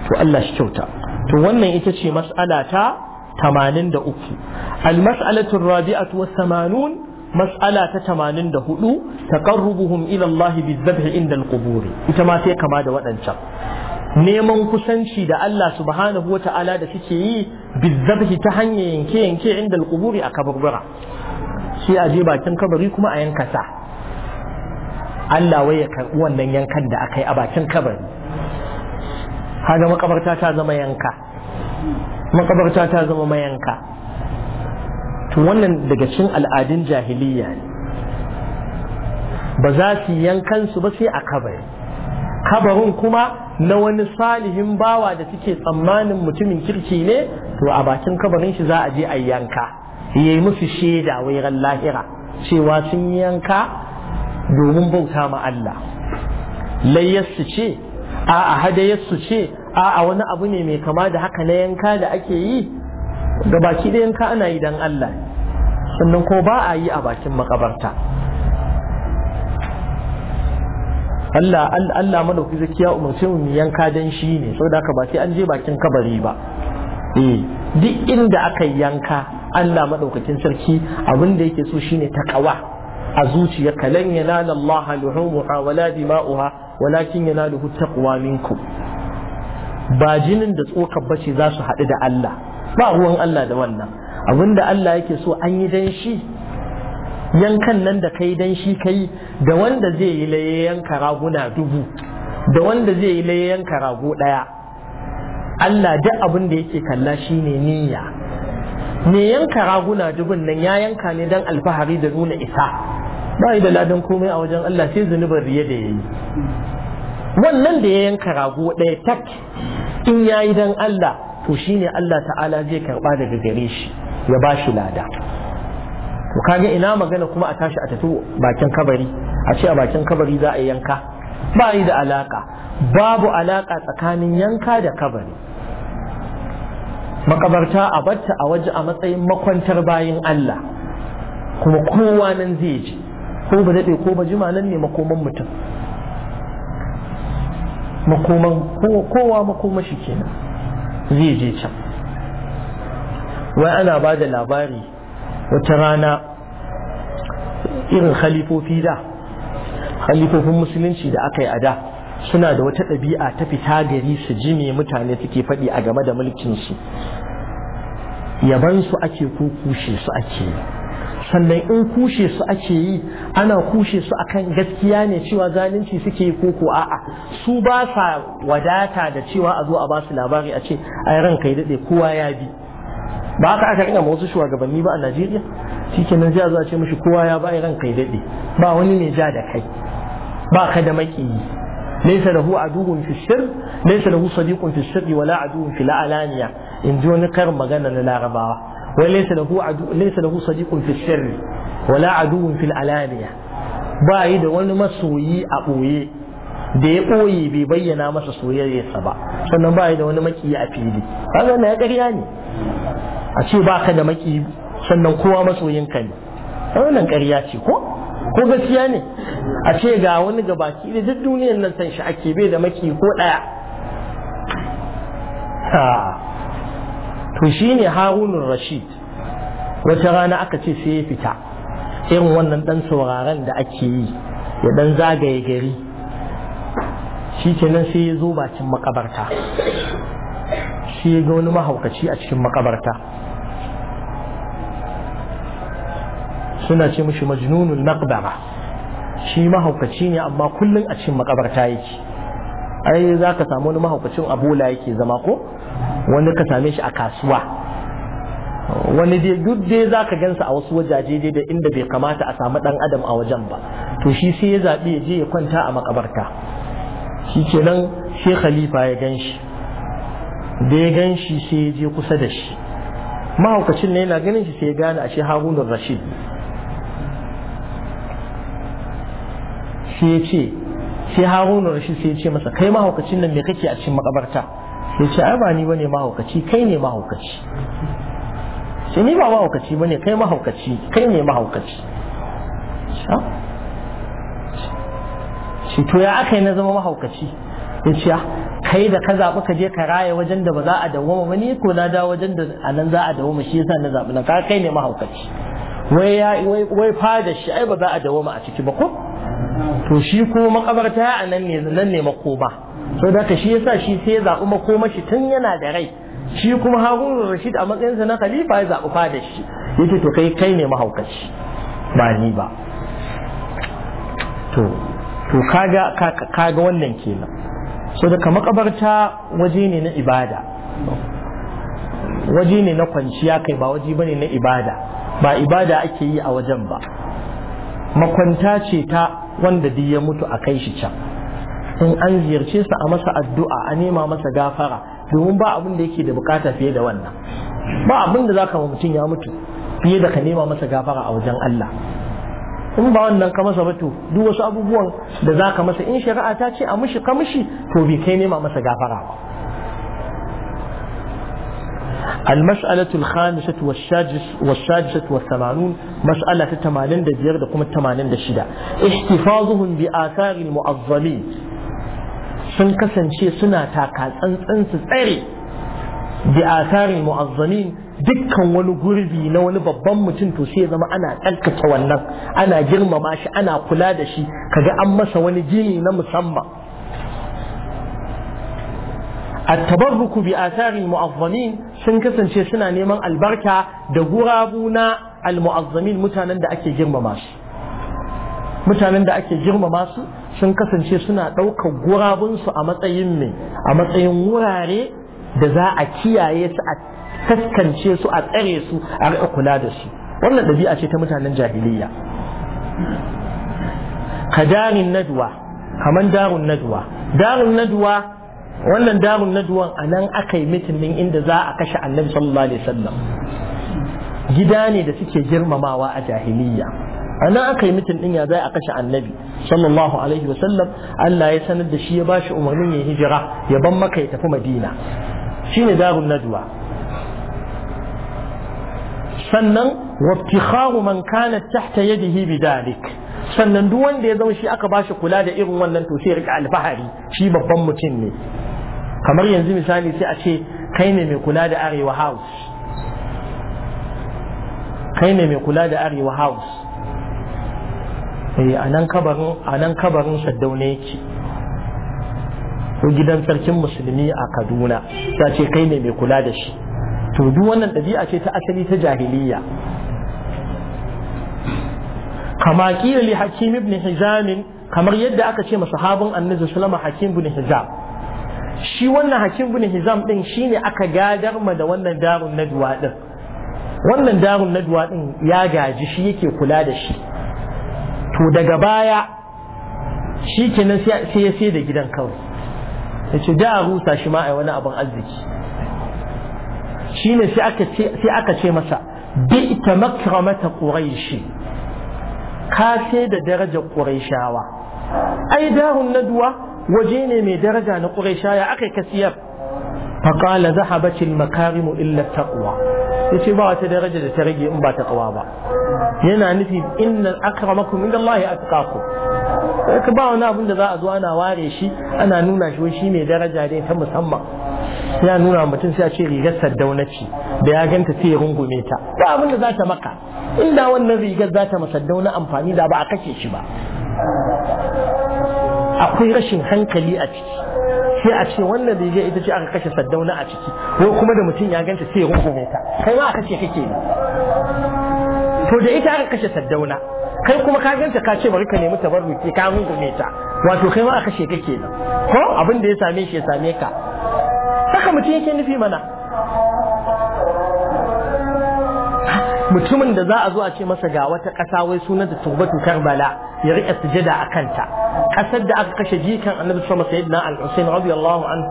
to Allah shi kyauta to wannan ita ce mas'ala ta 83 al-mas'alatu ar-rabi'atu was-samanun mas'ala ta 84 taqarrubuhum ila Allah bizabh inda al-qubur ita ma sai kama da waɗancan neman kusanci da Allah subhanahu wa ta'ala da suke yi bizzabhi ta hanyar yanke-yanke inda alƙuburi a kaburbura shi a je bakin kabari kuma a yanka sa Allah wai ya karɓi wannan yankan da aka yi a bakin kabari kaga makabarta ta zama yanka makabarta ta zama mayanka to wannan daga cikin al'adun jahiliya ne ba za su yankan su ba sai a kabari kabarin kuma na wani salihin bawa da suke tsammanin mutumin kirki ne to a bakin kabarin shi za a je a yanka Ya yi musu shaida wai lahira cewa sun yanka domin bauta ma Allah layyarsu ce a a hadayarsu ce a a wani abu ne mai kama da haka na yanka da ake yi da baki da yanka ana yi don Allah sannan ko ba a yi a bakin makabarta Allah Allah madauki zaki umarce mu yanka dan shi ne saboda haka ba sai an je bakin kabari ba eh duk inda aka yanka Allah madaukakin sarki abin da yake so shine takawa a zuciya kalan yanala Allah luhumuha wala dima'uha walakin yanaluhu taqwa minkum ba jinin da tsokar bace za su haɗu da Allah ba ruwan Allah da wannan abinda Allah yake so an yi dan shi yankan nan da kai dan shi kai da wanda zai yi laye yanka raguna dubu da wanda zai yi laye yanka rago daya Allah duk abin da yake kalla shine niyya me yanka raguna dubun nan ya yanka ne dan alfahari da nuna isa ba yi da ladan komai a wajen Allah sai zunubin riya da yayi wannan da ya yanka rago ɗaya tak in yayi dan Allah to shine Allah ta'ala zai karba daga gare shi ya bashi lada kaga ina magana kuma a tashi a tafi bakin kabari a ce a bakin kabari za a yi yanka ba yi da alaka babu alaka tsakanin yanka da kabari makabarta a batta a waje a matsayin makwantar bayin Allah kuma kowa nan zai ji ko ba daɗe ko ba jima nan ne makoman mutum makoman kowa makoma shi kenan zai je can wai ana ba da labari wata rana irin khalifofi da khalifofin musulunci da aka yi a da suna da wata ɗabi'a ta fita gari su ji me mutane suke faɗi a game da mulkinsu yaban su ake ko kushe su ake yi sannan in kushe su ake yi ana kushe su akan gaskiya ne cewa zalunci suke ko ko a'a su ba sa wadata da cewa a zo a ba su labari a ce ai ranka ya daɗe kowa ya bi ba haka aka rika wasu shugabanni ba a Najeriya shi kenan sai za a ce mishi kowa ya bai ran kai daɗe ba wani mai ja da kai ba ka da makiyi. maƙiyi laysa lahu aduwwun fi laisa da hu sadiqun fi sirri wala aduwwun fi alaniya in ji wani karin magana na larabawa wai laysa lahu adu laysa lahu sadiqun fi sirri wala aduwwun fi alaniya ba yi da wani masoyi a ɓoye da ya ɓoye bai bayyana masa soyayyarsa ba sannan ba yi da wani makiyi a fili kaga na ya ƙarya ne a ce ba ka da maki sannan kowa masoyinka ne wannan ƙarya ce ko ko gaskiya ne a ce ga wani gabaki da duk duniyar nan san shi ake bai da maki ko ɗaya to shi ne harunun rashid wata rana aka ce sai ya fita irin wannan ɗan sauraren da ake yi ya ɗan zagaye gari shi kenan sai ya zo bakin makabarta shi ya ga wani mahaukaci a cikin makabarta suna ce mishi majnunul maqbara shi mahaukaci ne amma kullum a cikin makabarta yake ai za ka samu wani mahaukacin abola yake zama ko wani ka same shi a kasuwa wani dai duk dai za ka gansa a wasu wajaje dai da inda bai kamata a samu dan adam a wajen ba to shi sai ya zaɓi ya je ya kwanta a makabarta shi kenan sai khalifa ya ganshi shi da ya gan shi sai ya je kusa da shi mahaukacin ne yana ganin shi sai ya gane a shi Harunar rashid sai ya ce sai haruna rashi sai ya ce masa kai mahaukacin nan me kake a cikin makabarta sai ce ai ba ni bane mahaukaci kai ne mahaukaci sai ni ba mahaukaci bane kai mahaukaci kai ne mahaukaci shi to ya aka yi na zama mahaukaci ya ce ah, kai da ka zaɓi ka je ka raya wajen da ba za a dawoma ba ni ko na da wajen da a nan za a dawoma shi yasa na zaɓi na ka kai ne mahaukaci wai wai fada shi ai ba za a dawoma a ciki ba ko to shi ko makabarta a nan ne nan ne makoma so da ka shi yasa shi sai ya zaɓi makoma shi tun yana da rai shi kuma harun rashid a matsayinsa na khalifa ya zaɓi fada shi yace to kai kai ne mahaukaci ba ni ba to to kaga kaga wannan kenan so da makabarta waje ne na ibada waje ne na kwanciya kai ba waje bane na ibada ba ibada ake yi a wajen ba makwanta ce ta wanda duk ya mutu a kai shi can in an ziyarce sa a masa addu'a a nema masa gafara domin ba abin da yake da bukata fiye da wannan ba abin da zaka ma mutum ya mutu fiye da ka nema masa gafara a wajen Allah in ba wannan ka masa to duk wasu abubuwan da zaka masa in shari'a ta ce a mushi ka mushi to bai kai nema masa gafara ba المسألة الخامسة والسادسة والسادسة والثمانون مسألة تمانين دا ديار دا قوم التمانين دا احتفاظهم بآثار المؤظمين سن كسن شي سنة تاكال انت انت تاري بآثار المؤظمين دك كان ونو قربي نو نببام ما انا تلك تولنك انا جرم ماشي انا قلادشي كذا اما سواني جيني التبرك بآثار المعظمين sun kasance suna neman albarka da gurabu na almu'azzamin mutanen da ake girmama su mutanen da ake girmama su sun kasance suna ɗaukar gurabunsu a matsayin me a matsayin wurare da za'a a kiyaye su a taskance su a tsare su a riƙa kula da su wannan ɗabi'a ce ta mutanen jahiliya ka darin naduwa kaman darun naduwa darun naduwa wannan na Duwan a nan aka yi mitin inda za a kashe annabi sallallahu alaihi wasallam gida ne da suke girmamawa a jahiliya a nan aka yi mitin din ya za a kashe annabi sallallahu alaihi wasallam Allah ya sanar da shi ya bashi umarnin ya hijira ya ban maka ya tafi madina shine darun naduwa sannan wabtikharu man kana tahta yadihi bidalik sannan duk wanda ya zama shi aka bashi kula da irin wannan to sai rika alfahari shi babban mutum ne kamar yanzu misali sai a ce kai ne mai kula da arewa house kai ne mai kula da arewa house eh, a nan kabarin a nan kabarin saddaune yake ko gidan sarkin musulmi a kaduna ta ce kai ne mai kula da shi to duk wannan ɗabi'a ce ta asali ta jahiliya kama kila li hakim ibn hizam kamar yadda aka ce masahabin annabi sallama hakim ibn hizam shi wannan hakim bin hizam din shine aka gadar ma da wannan darun nadwa din wannan darun nadwa din ya gaji shi yake kula da shi to daga baya shi kenan sai ya sai da gidan kawai ya ce da a rusa shi ma a wani abin arziki shi ne sai aka ce masa bi ita makramata ƙuraishi ka sai da darajar ƙuraishawa ai darun naduwa. waje ne mai daraja na ƙuraisha ya aka kasiyar faƙala zahabacin makarimu illa taqwa ya ce ba wata daraja da ta rage in ba taqwa ba yana nufi inna akramakum inda Allah ya atqakum ka ba wani abin da za a zo ana ware shi ana nuna shi shi mai daraja ne ta musamman ya nuna mutum sai a ce rigar saddauna ce da ya ganta sai ya rungume ta ba abin da za ta maka inda wannan rigar za ta masaddauna amfani da ba a kashe shi ba akwai rashin hankali a ciki sai a ce wannan riga ita ce aka kashe saddauna a ciki ko kuma da mutum ya ganta sai ya rungume ta kai ma aka ce kake ne to da ita aka kashe saddauna kai kuma ka ganta ka ce bari ka nemi tabarruki ka rungume ta wato kai ma aka kashe kake ne ko abin da ya same shi ya same ka haka mutum yake nufi mana mutumin da za a zo a ce masa ga wata ƙasa wai sunan da turbatu karbala ya riƙa sujada a kanta ƙasar da aka kashe jikan annabi sallallahu alaihi wasallam al-husayn radiyallahu anhu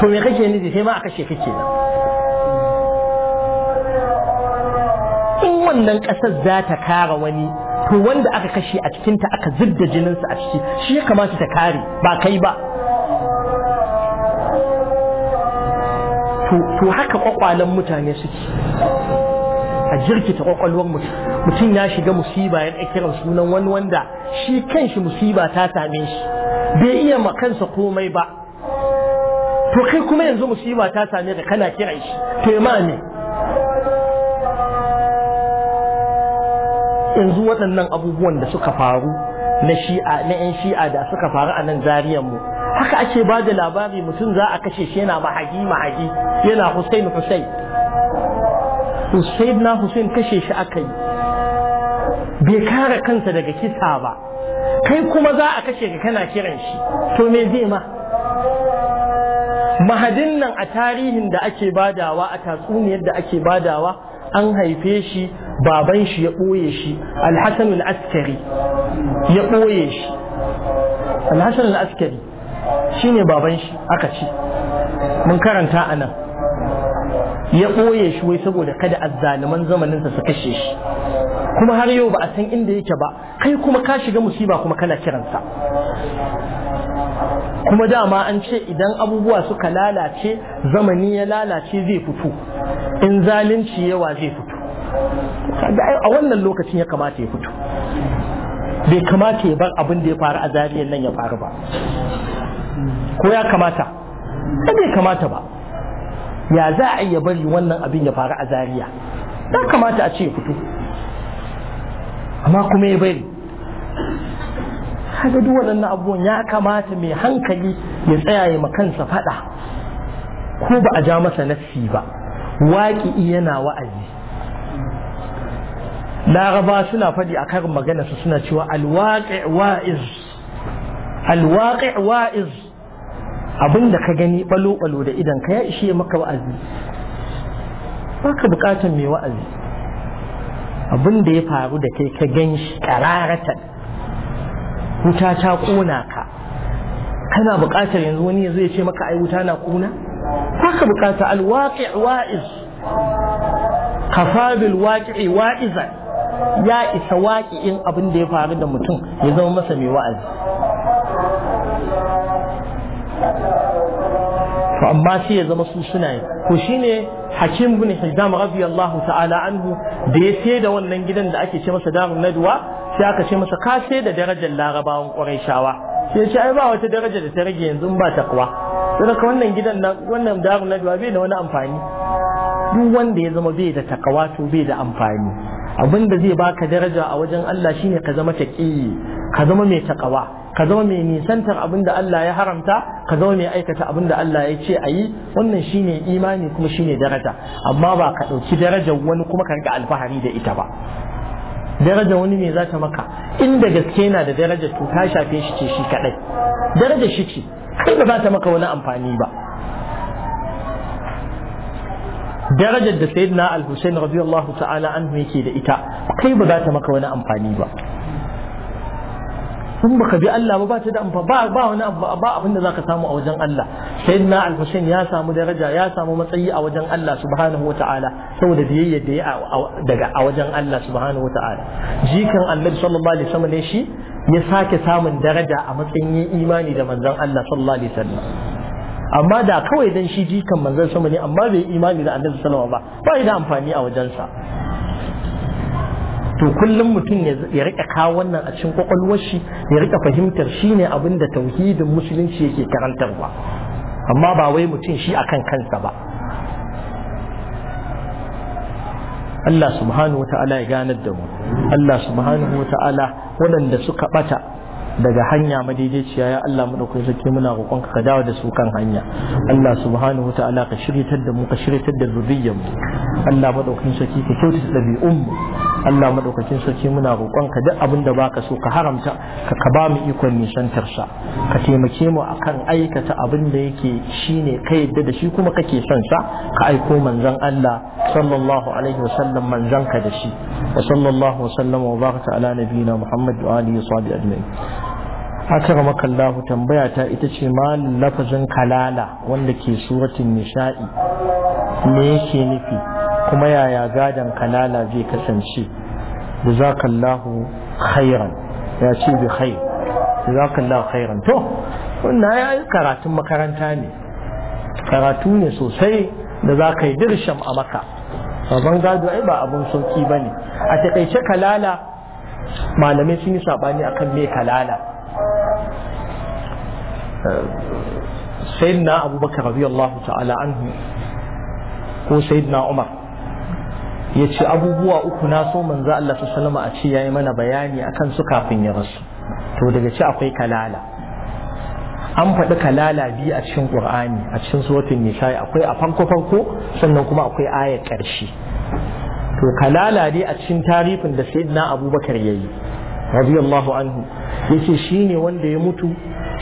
to me kake nufi sai ma a kashe kake na? in wannan ƙasar za ta kara wani to wanda aka kashe a cikinta aka zidda jininsa a ciki shi ya kamata ta kare ba kai ba to haka kwakwalen mutane suke a jirkita kwakwalwar mutum ya shiga musiba ya kiran sunan wani wanda shi kanshi musiba ta same shi bai iya makansa komai ba to kai kuma yanzu musiba ta same da kana kiran shi to ma ne yanzu waɗannan abubuwan da suka faru na shi'a na 'yan shi'a da suka faru a nan Zariyan mu haka ake ba da labari mutum za a kashe shi yana mahagi mahagi yana Hussein Hussein Hussein na Hussein kashe shi aka yi bai kare kansa daga kisa ba kai kuma za a kashe ka kana kiran shi to me zai ma mahadin nan a tarihin da ake badawa a tatsuniyar da ake badawa an haife shi baban shi ya ɓoye shi alhassan askari ya ɓoye shi alhassan askari shine baban shi aka ce mun karanta a nan ya ɓoye shi wai saboda kada azzaliman zamaninsa su kashe shi kuma har yau ba a san inda yake ba kai kuma ka shiga musiba kuma kana kiransa kuma dama an ce idan abubuwa suka lalace zamani ya lalace zai fito in zalunci yawa zai fito a wannan lokacin ya kamata ya fito bai kamata ya bar abin da ya faru a zariyan nan ya faru ba ko ya kamata bai kamata ba ya za a iya bari wannan abin ya faru a zariya dan kamata a ce fito amma kuma ya bari haka duk waɗannan abubuwan ya kamata mai hankali ya tsaya ya makansa faɗa ko ba a ja masa nafi ba waƙi yana wa'azi laraba suna faɗi a karin magana su suna cewa alwaƙi wa'iz alwaƙi wa'iz abin da ka gani balo-balo da idan ka ya ishe maka wa'azi ba ka bukatar mai wa'azi abin da ya faru da kai ka gan shi kararatan wuta ta kona ka kana bukatar yanzu wani yanzu ya ce maka ai wuta na kona ba ka bukata alwaƙi wa'iz kafabil waƙi wa'izan ya isa in abin da ya faru da mutum ya zama masa mai wa'azi to amma sai ya zama su suna yi ko shine hakim bin hizam radiyallahu ta'ala anhu da ya sai da wannan gidan da ake ce masa darun nadwa sai aka ce masa ka sai da darajar larabawan quraishawa sai ce ai ba wata daraja da ta rage yanzu ba takwa sai wannan gidan nan wannan darun nadwa bai da wani amfani duk wanda ya zama bai da takawa to bai da amfani abin da zai baka daraja a wajen Allah shine ka zama taqi ka zama mai takawa ka zama mai nisantar abin da Allah ya haramta ka zama mai aikata abin da Allah ya ce a yi wannan ne imani kuma ne daraja amma ba ka ɗauki darajar wani kuma ka riga alfahari da ita ba darajar wani ne za ta maka inda gaske yana da darajar to ta shafe shi ce shi kaɗai darajar shi ce kai ba za ta maka wani amfani ba darajar da sayyidina al-husayn radiyallahu ta'ala anhu yake da ita kai ba za ta maka wani amfani ba in baka bi Allah ba ba ta da amfa ba ba wani ba abin da zaka samu a wajen Allah sayyidina al-Husayn ya samu daraja ya samu matsayi a wajen Allah subhanahu wata'ala saboda biyayya da ya daga a wajen Allah subhanahu wata'ala jikan Annabi sallallahu alaihi wasallam ne shi ya sake samun daraja a matsayin imani da manzon Allah sallallahu alaihi wasallam amma da kawai dan shi jikan manzon sama ne amma bai imani da Annabi sallallahu alaihi wasallam ba ba da amfani a wajensa to kullum mutum ya rika kawo wannan a cikin kwakwalwar shi ya rika fahimtar ne abin da tauhidin musulunci yake karantarwa amma ba wai mutum shi akan kansa ba Allah subhanahu wa ta'ala ya ganar da mu Allah subhanahu wa ta'ala waɗanda suka ɓata daga hanya madaidaiciya ya Allah mu dauke sake muna roƙon ka dawo da su kan hanya Allah subhanahu wa ta'ala ka shiryatar da mu ka shiryatar da zuriyar mu Allah mu dauke sake ka kyautata dabi'un mu Allah madaukakin sarki muna roƙon ka duk abin da baka so ka haramta ka ka ba mu ikon nisantar sa ka taimake mu akan aikata abin da yake shine ka yadda da shi kuma kake son sa ka aiko manzon Allah sallallahu alaihi wasallam manzon ka da shi wa sallallahu wasallam wa baraka ala nabiyina Muhammad wa alihi wa ajma'in akar makallahu tambaya ta ita ce ma lafazin kalala wanda ke suratin nisha'i me yake nufi kuma yaya gadon kanala zai kasance jazakallahu khairan ya ce bi khair jazakallahu khairan to wannan ya karatun makaranta ne karatu ne sosai da za ka yi dirsham a maka babban gado ai ba abun sauki ba ne a taƙaice kalala malamai sun yi saɓani akan me kalala sayyidina abubakar radiyallahu ta'ala anhu ko sayyidina umar ya ce abubuwa uku na so manzo Allah ta salama a ce ya yi mana bayani kan su kafin ya rasu to daga ci akwai kalala an faɗi kalala biyu a cikin ƙur'ani a cikin suratul nisa'i akwai a farko farko sannan kuma akwai ayar ƙarshe to kalala dai a cikin tarihin da sayyidina abubakar ya yi radiyallahu anhu yace shine wanda ya mutu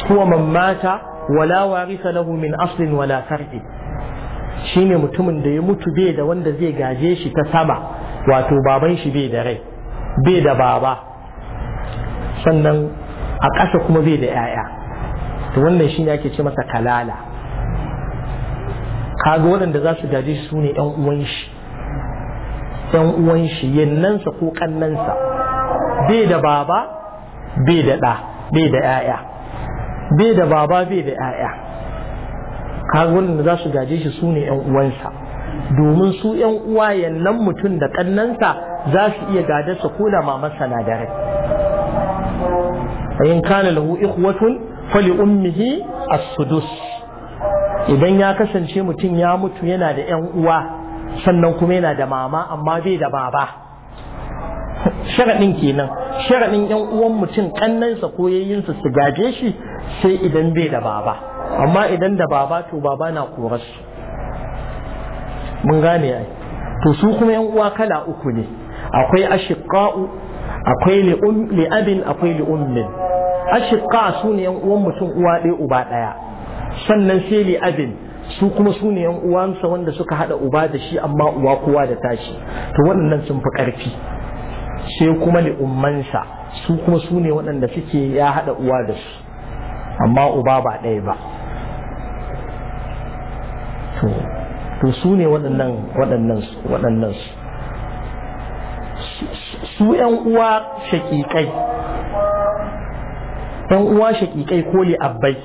kuwa man mata wala warisa lahu min aslin wala far'i Shi ne mutumin da ya mutu bai da wanda zai gaje shi ta sama wato baban shi bai da rai bai da baba sannan a ƙasa kuma bai da 'ya'ya to wannan shi ne ake ce masa kalala kaga waɗanda za su gaje su ne 'yan uwan shi Yannan uwan shi yinnansa ko kannansa bai da baba bai da ɗa bai da ‘ya'ya bai da baba bai da ‘ya'ya kaga da za su gaje shi su ne yan uwansa domin su yan uwa yannan mutum da ƙannansa za su iya gadarsa ko da masa na dare rai in kana lahu ikhwatun fali ummihi as-sudus idan ya kasance mutum ya mutu yana da yan uwa sannan kuma yana da mama amma bai da baba sharaɗin kenan sharaɗin yan uwan mutum kannansa ko yayinsa su gaje shi sai idan bai da baba amma idan da baba to baba na korar su mun gane ai to su kuma yan uwa kala uku ne akwai ashiqa'u akwai li'abin um, akwai li'ummin ashiqa su ne yan uwan mutum uwa ɗaya uba ɗaya sannan sai li'abin su kuma su ne yan uwansa wanda suka haɗa uba da shi amma uwa kowa da tashi to waɗannan sun fi ƙarfi sai kuma li'ummansa su kuma su ne waɗanda suke ya haɗa uwa da su amma uba ba ɗaya ba to su ne waɗannan waɗannan su ‘yan uwa shaƙiƙai ‘yan uwa shaƙiƙai ko li'abbai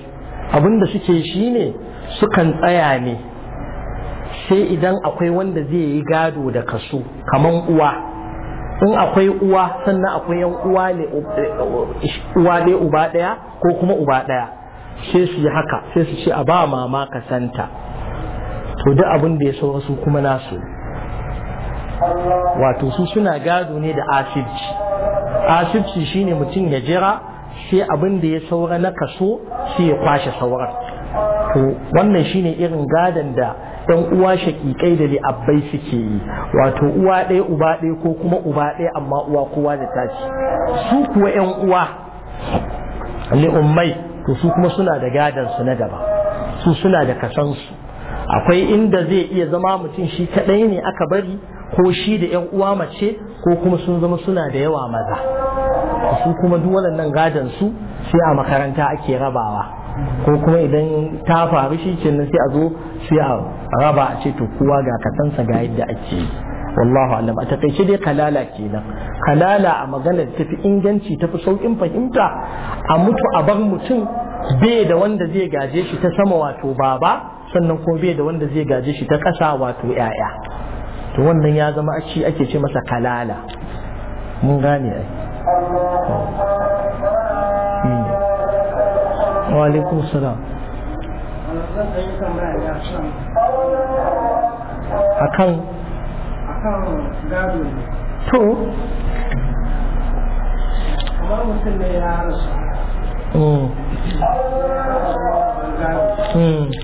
abinda suke shi ne sukan tsaya ne sai idan akwai wanda zai yi gado da kaso kaman uwa in akwai uwa sannan akwai ‘yan uwa ne uwa ɗaya uba ɗaya ko kuma uba ɗaya sai su yi haka sai su ce a ba mama ka santa to duk abin da ya saura su kuma nasu wato su suna gado ne da asibci asibci shine mutum ya jira sai abin da ya saura na kaso sai ya kwashe sauran to wannan shine irin gadon da dan uwa shaƙiƙai da 'abai suke yi wato uwa ɗaya uba ɗaya ko kuma uba ɗaya amma uwa kowa da tashi su kuwa yan uwa li'ummai to su kuma suna da gadon su na gaba su suna da kasansu akwai inda zai iya zama mutum shi kaɗai ne aka bari ko shi da yan uwa mace ko kuma sun zama suna da yawa maza su kuma duk waɗannan gadon su sai a makaranta ake rabawa ko kuma idan ta faru shi kenan sai a zo sai a raba a ce to kowa ga kasansa ga yadda ake yi wallahu alam a takaice dai kalala kenan kalala a magana ta fi inganci ta fi saukin fahimta a mutu a bar mutum bai da wanda zai gaje shi ta sama wato baba sannan kuma bai da wanda zai gaje shi ta ƙasa wato ‘ya'ya to wannan ya zama ci ake ce masa kalala mun gane ai hmm. wa alaikum salam akan to kamar mutum ne ya rasu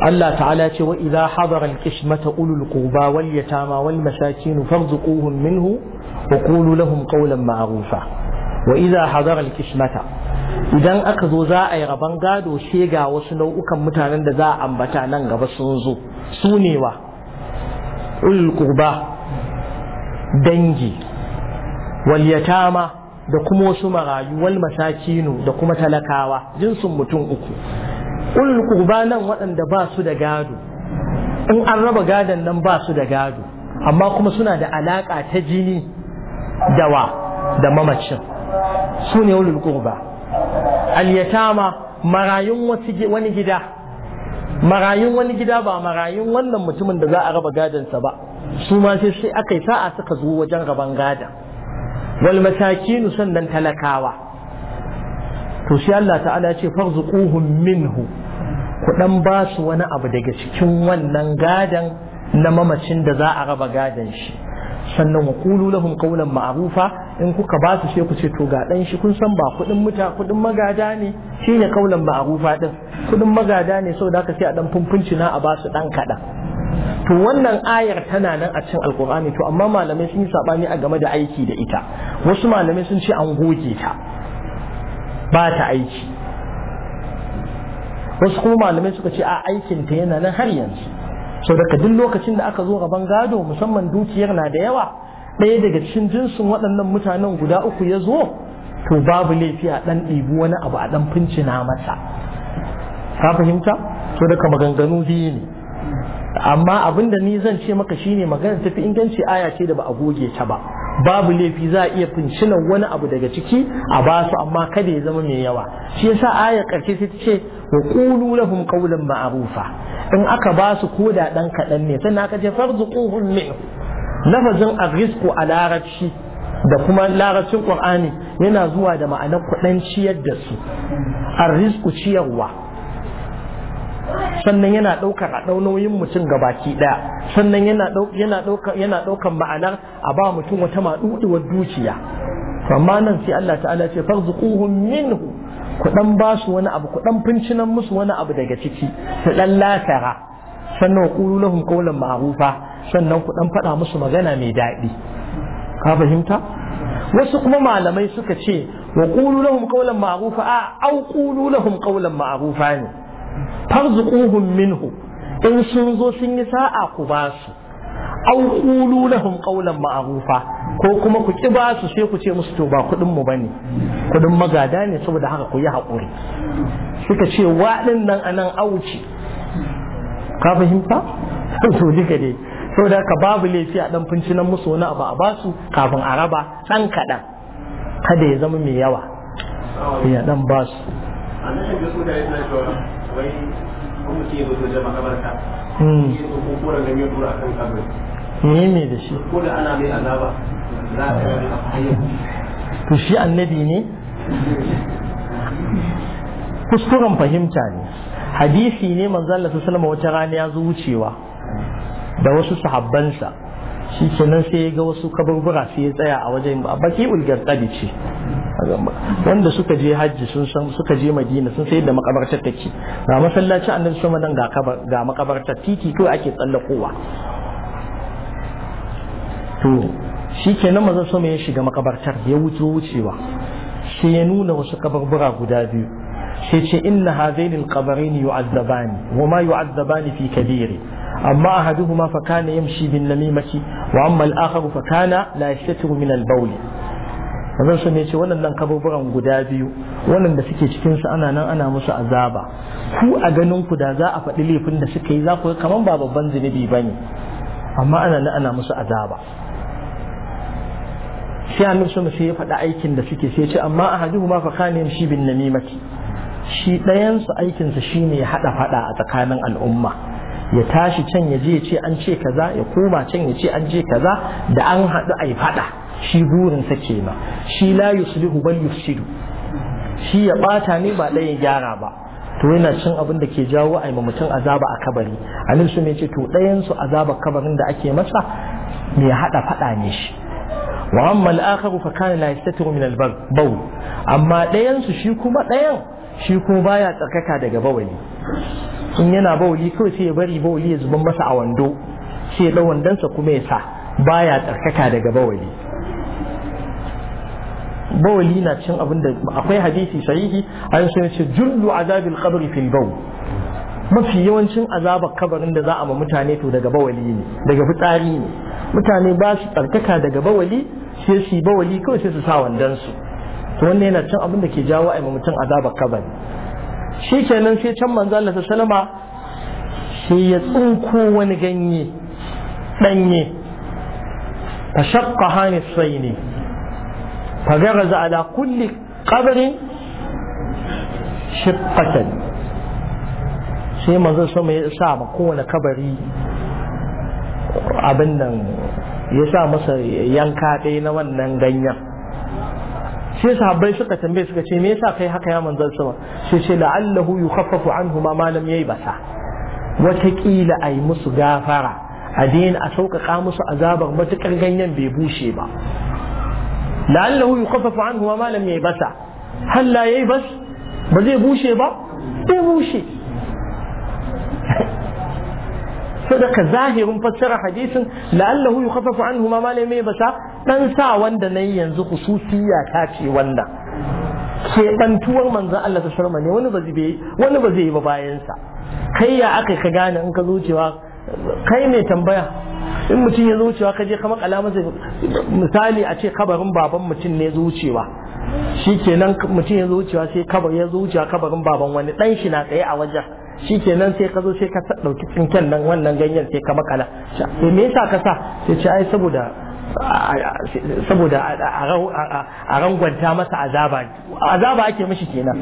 Allah ta'ala ce wa idza hadara al-qismata ulul quba wal yatama wal masakin farzuquhum minhu wa qulu lahum qawlan ma'rufa wa idza hadara al-qismata idan aka zo za a yi rabon gado she ga wasu nau'ukan mutanen da za a ambata nan gaba sun zo su ne wa ulul quba dangi wal yatama da kuma wasu marayu wal masakinu da kuma talakawa jinsin mutum uku ulul nan waɗanda ba su da gado in an raba gadon nan ba su da gado amma kuma suna da alaƙa ta jini da wa da mamacin su ne ulul kurba al-yatama marayun wani gida marayun wani gida ba marayun wannan mutumin da za a raba sa ba su ma sai sai aka yi sa'a suka zo wajen raban gadon wal masakinu sannan talakawa to shi Allah ta'ala ce farzuquhum minhu ku dan ba su wani abu daga cikin wannan gadan na mamacin da za a raba gadan shi sannan wa qulu lahum qawlan ma'rufa in kuka ba su sai ku ce to ga dan shi kun san ba kudin muta kudin magada ne shine qawlan ma'rufa din kudin magada ne saboda haka sai a dan funfuncina a ba su dan kada to wannan ayar tana nan a cikin alkur'ani to amma malamai sun yi sabani a game da aiki da ita wasu malamai sun ce an goge ta ba ta aiki wasu kuma malamai suka ce a aikin ta yana nan har yanzu sau daga duk lokacin da aka zo gaban gado musamman dukiyar na da yawa ɗaya daga cikin jinsin waɗannan mutanen guda uku ya zo to babu laifi a ɗan ɗibi wani abu a ɗan fincina mata. ka fahimta to daga maganganu biyu ne amma abin da ni zan ce maka shine magana tafi inganci aya ce da ba a goge ta ba babu laifi za a iya fincinan wani abu daga ciki a ba su. amma kada ya zama mai yawa shi yasa aya karshe sai ta ce wa qulu lahum qawlan ma'rufa in aka ba basu koda dan kadan ne sannan aka ce farzuquhum min nafazin arrisku a larabci da kuma larabcin qur'ani yana zuwa da ma'anar kuɗin ciyar da su arrisku ciyarwa sannan yana ɗaukar a ɗaunoyin mutum gabaki ɗaya sannan yana ɗaukar ma'anar a ba mutum wata maɗuɗuwar dukiya amma nan sai Allah ta'ala ce farzuquhum minhu ku dan ba su wani abu ku dan fincinan musu wani abu daga ciki su dan latara sannan qulu lahum kaulan ma'rufa sannan ku dan faɗa musu magana mai daɗi ka fahimta wasu kuma malamai suka ce wa qulu lahum kaulan ma'rufa a au qulu lahum kaulan ma'rufa ne tarzuquhum minhu in sun zo sun yi sa'a ku ba su aw qulu lahum qawlan ma'rufa ko kuma ku ki ba su sai ku ce musu to ba kudin mu bane kudin magada ne saboda haka ku yi hakuri suka ce waɗin nan anan auci ka fahimta to dika dai saboda haka babu laifi a dan nan musu wani abu a ba su kafin a raba dan kadan kada ya zama mai yawa ya dan basu wai kuma ke zo da makabarta ke hmm. zo ko kora da mai dora akan kabari ne ne da shi ko da ana mai azaba za a yi a fahimta. to shi annabi ne kuskuren fahimta ne hadisi ne manzo Allah sallallahu wata rana ya zo wucewa da wasu sahabbansa shi kenan sai ya ga wasu kaburbura sai ya tsaya a wajen baki ulgar ce wanda suka je hajji sun san suka je madina sun sai da makabartar take ga masallaci a nan sama nan ga makabartar titi kawai ake tsallakowa to nan mazan sama ya shiga makabartar ya wuce wucewa sai ya nuna wasu kabarbura guda biyu sai ce inna hadaini alqabarini yu'azzabani wa ma yu'azzabani fi kabiri amma ahaduhuma fa kana yamshi bin namimati wa amma al-akhar fa kana la yastatiru min al so sun ce waɗannan kaburburan guda biyu waɗanda suke cikin su ana nan ana musu azaba ku a ganin ku da za a faɗi laifin da suka yi za ku kaman ba babban zunubi bane amma ana nan ana musu azaba sai annabi sun sai ya faɗi aikin da suke sai ce amma a hadihu ma fa khanim shi bin namimati shi ɗayan su aikin ne shine ya haɗa faɗa a tsakanin al'umma ya tashi can ya je ce an ce kaza ya koma can ya ce an ce kaza da an haɗu ai faɗa. shi burinsa kenan shi la yuslihu bal yufsidu shi ya bata ne ba ɗaya gyara ba to yana cin abin da ke jawo a mutum azaba a kabari anil su ce to ɗayan su azaba kabarin da ake masa mai haɗa faɗa ne shi wa amma al-akharu fa kana la yastatiru min al-bawl amma ɗayan su shi kuma ɗayan shi kuma baya tsarkaka daga bawali in yana bawali kawai sai ya bari bawali ya zuban masa a wando sai ya ɗau wandonsa kuma ya sa baya tsarkaka daga bawali bawali na cin abin da akwai hadisi sahihi an sun ce jullu azabil qabri fil bawl mafi yawancin azabar kabarin da za a ma mutane to daga bawali ne daga fitsari ne mutane ba su tsarkaka daga bawali sai su bawali kawai sai su sa wandan su to wannan yana cin abin da ke jawo a mutum azabar kabari shi kenan sai can manzo Allah sallama sai ya tsinko wani ganye danye fashaqqa hanis sayni فغرز على كل قبر شقة sai manzon sama ya sa ma kowane kabari abin nan ya sa masa yanka ɗaya na wannan ganyen sai sahabbai suka tambaye suka ce me yasa kai haka ya manzon sama sai ce la'allahu yukhaffafu anhu ma malam lam yayi bata, wataƙila a musu gafara a daina a sauƙaƙa musu azabar matuƙar ganyen bai bushe ba la'allahu yukhaffafu anhu ma lam yaybasa hal la yaybas ba zai bushe ba zai bushe sadaka zahirin fassara hadisin la'allahu yukhaffafu anhu ma lam yaybasa dan sa wanda nayi yanzu khususiyya ta ce wanda ke bantuwar manzon Allah ta sharma ne wani ba zai wani ba zai yi ba bayan sa kai ya aka ka gane in ka zo cewa kai mai tambaya in mutum ya zuciwa ka je kamar alamarsa misali a ce kabarin baban mutum ne zuciwa shikenan mutum ya zuciwa sai kabar ya zuciwa kabarin baban wani dan shi na tsaye a wajen shikenan sai ka zo sai ka dauki tsinken nan wannan ganyen sai ka makala sai me yasa ka sa sai ce ai saboda saboda a rangwanta masa azaba azaba ake mishi kenan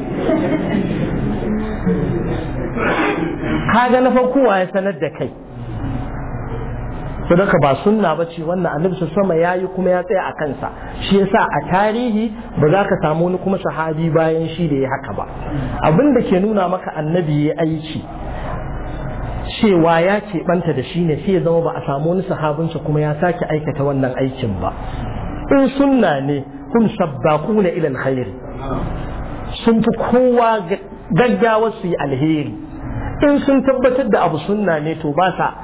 kaga na farko ya sanar da kai sadaka ba sunna ba ce wannan annabi su sama ya yi kuma ya tsaya a kansa shi yasa a tarihi ba za ka samu wani kuma sahabi bayan shi da ya haka ba abin da ke nuna maka annabi ya aiki cewa ya keɓanta da shi ne sai ya zama ba a samu wani sahabinsa kuma ya sake aikata wannan aikin ba in sunna ne kun sabbaquna ila alkhair sun fi kowa gaggawa su yi alheri in sun tabbatar da abu sunna ne to ba sa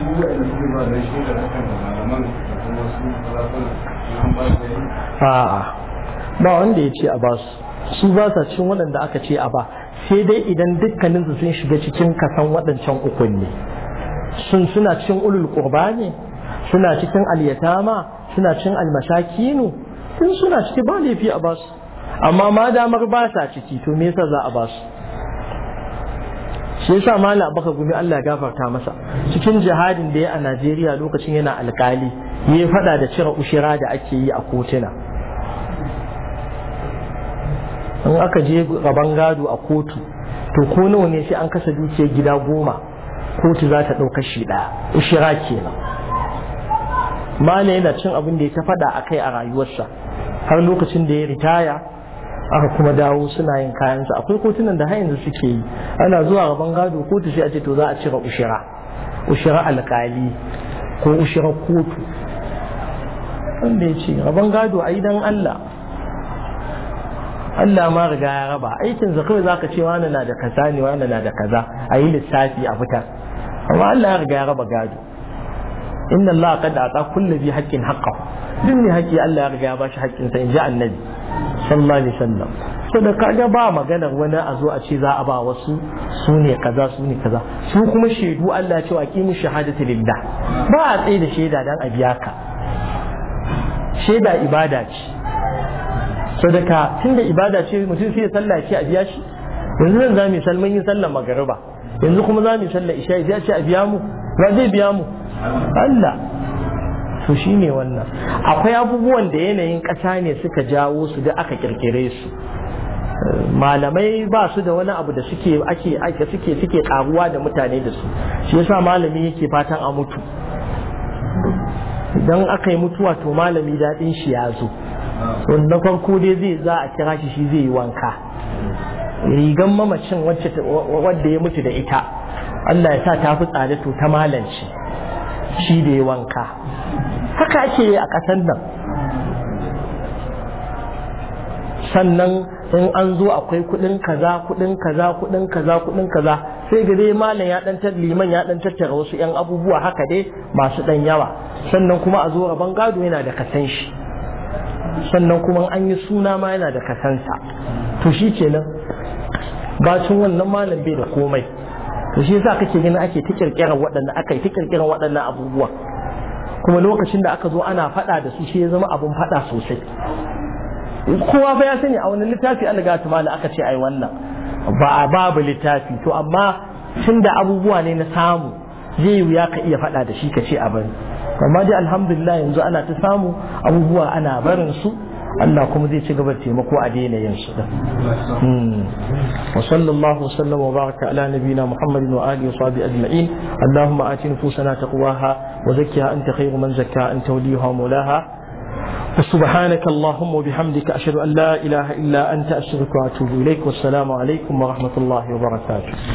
su ba da shi da da malaman da kuma su ba su yi a'a ba wanda ya ce a ba su su ba sa cikin waɗanda aka ce a ba sai dai idan dukkaninsu sun shiga cikin kasan waɗancan ukun ne sun suna cikin ulul kurba ne suna cikin alyatama suna cikin almashakinu? sun suna ciki ba laifi a basu amma ma damar ba sa ciki to me yasa za a basu shi yasa malam abaka gumi Allah ya gafarta masa cikin jihadin da ya a Najeriya lokacin yana alkali ya fada da cire ushira da ake yi a kotuna in aka je gaban gado a kotu to ko nawa ne sai an kasa dukiyar gida goma kotu za ta ɗauka shi ɗaya ushira kenan malam yana cin abin da ya ta fada a kai a rayuwarsa har lokacin da ya ritaya aka kuma dawo suna yin kayansa akwai kotunan da har yanzu suke yi ana zuwa gaban gado kotu sai a ce to za a cire ushira ushira alkali ko ushira kotu wanda ya ce gaban gado a dan Allah Allah ma riga ya raba aikin sa kawai zaka ce wani na da kaza ne wani na da kaza a yi lissafi a fita, amma Allah ya riga ya raba gado inna Allah qad ata kulli bi haƙƙin haƙƙa duk ne haƙƙi Allah ya riga ya bashi haƙƙin sa in ji annabi sallallahu alaihi wasallam so da ba maganar wani a zo a ce za a ba wasu su ne kaza su ne kaza su kuma shaidu Allah ce cewa kimu shahadatu lillah ba a tsaye da shaida dan a biya ka shaida ibada ce so da tunda ibada ce mutum sai ya sallah a biya shi yanzu zan za mu salman yin sallar magariba yanzu kuma za mu sallar isha sai a ce a biya mu ba zai biya mu Allah to shi ne wannan akwai abubuwan da yanayin ƙasa ne suka jawo su da aka kirkire su malamai ba su da wani abu da suke ake ake suke suke karuwa da mutane da su shi yasa malami yake fatan a mutu idan aka yi mutuwa to malami daɗin shi ya zo na farko dai zai za a kira shi shi zai yi wanka rigan mamacin wadda ya mutu da ita Allah ya sa ta fi tsada to ta malanci shi da ya wanka haka ake yi a ƙasan nan sannan in an zo akwai kuɗin kaza kuɗin kaza kuɗin kaza kuɗin kaza sai gare malam ya dan liman ya dan tattara wasu yan abubuwa haka dai masu dan yawa sannan kuma a zo rabon gado yana da kasan shi sannan kuma an yi suna ma yana da kasansa to shi kenan bacin wannan malam bai da komai to shi yasa kake ganin ake ta kirkirar waɗannan aka ta kirkirar waɗannan abubuwa kuma lokacin da aka zo ana faɗa da su shi ya zama abun faɗa sosai kowa fa ya sani a wani littafi an riga tumala aka ce ai wannan ba a babu littafi to amma tun da abubuwa ne na samu zai wuya ka iya faɗa da shi ka ce a bari amma dai alhamdulillah yanzu ana ta samu abubuwa ana barin su Allah kuma zai ci gaba taimako a daina yin su da. Hmm. Wa wa baraka ala nabina Muhammadin wa alihi wa sahbihi ajma'in. Allahumma ati nufusana taqwaha wa zakkiha anta khayru man zakka anta waliha mawlaha. Subhanaka Allahumma wa bihamdika ashhadu an la ilaha illa anta astaghfiruka wa atubu ilayk. Wassalamu alaikum wa rahmatullahi wa barakatu.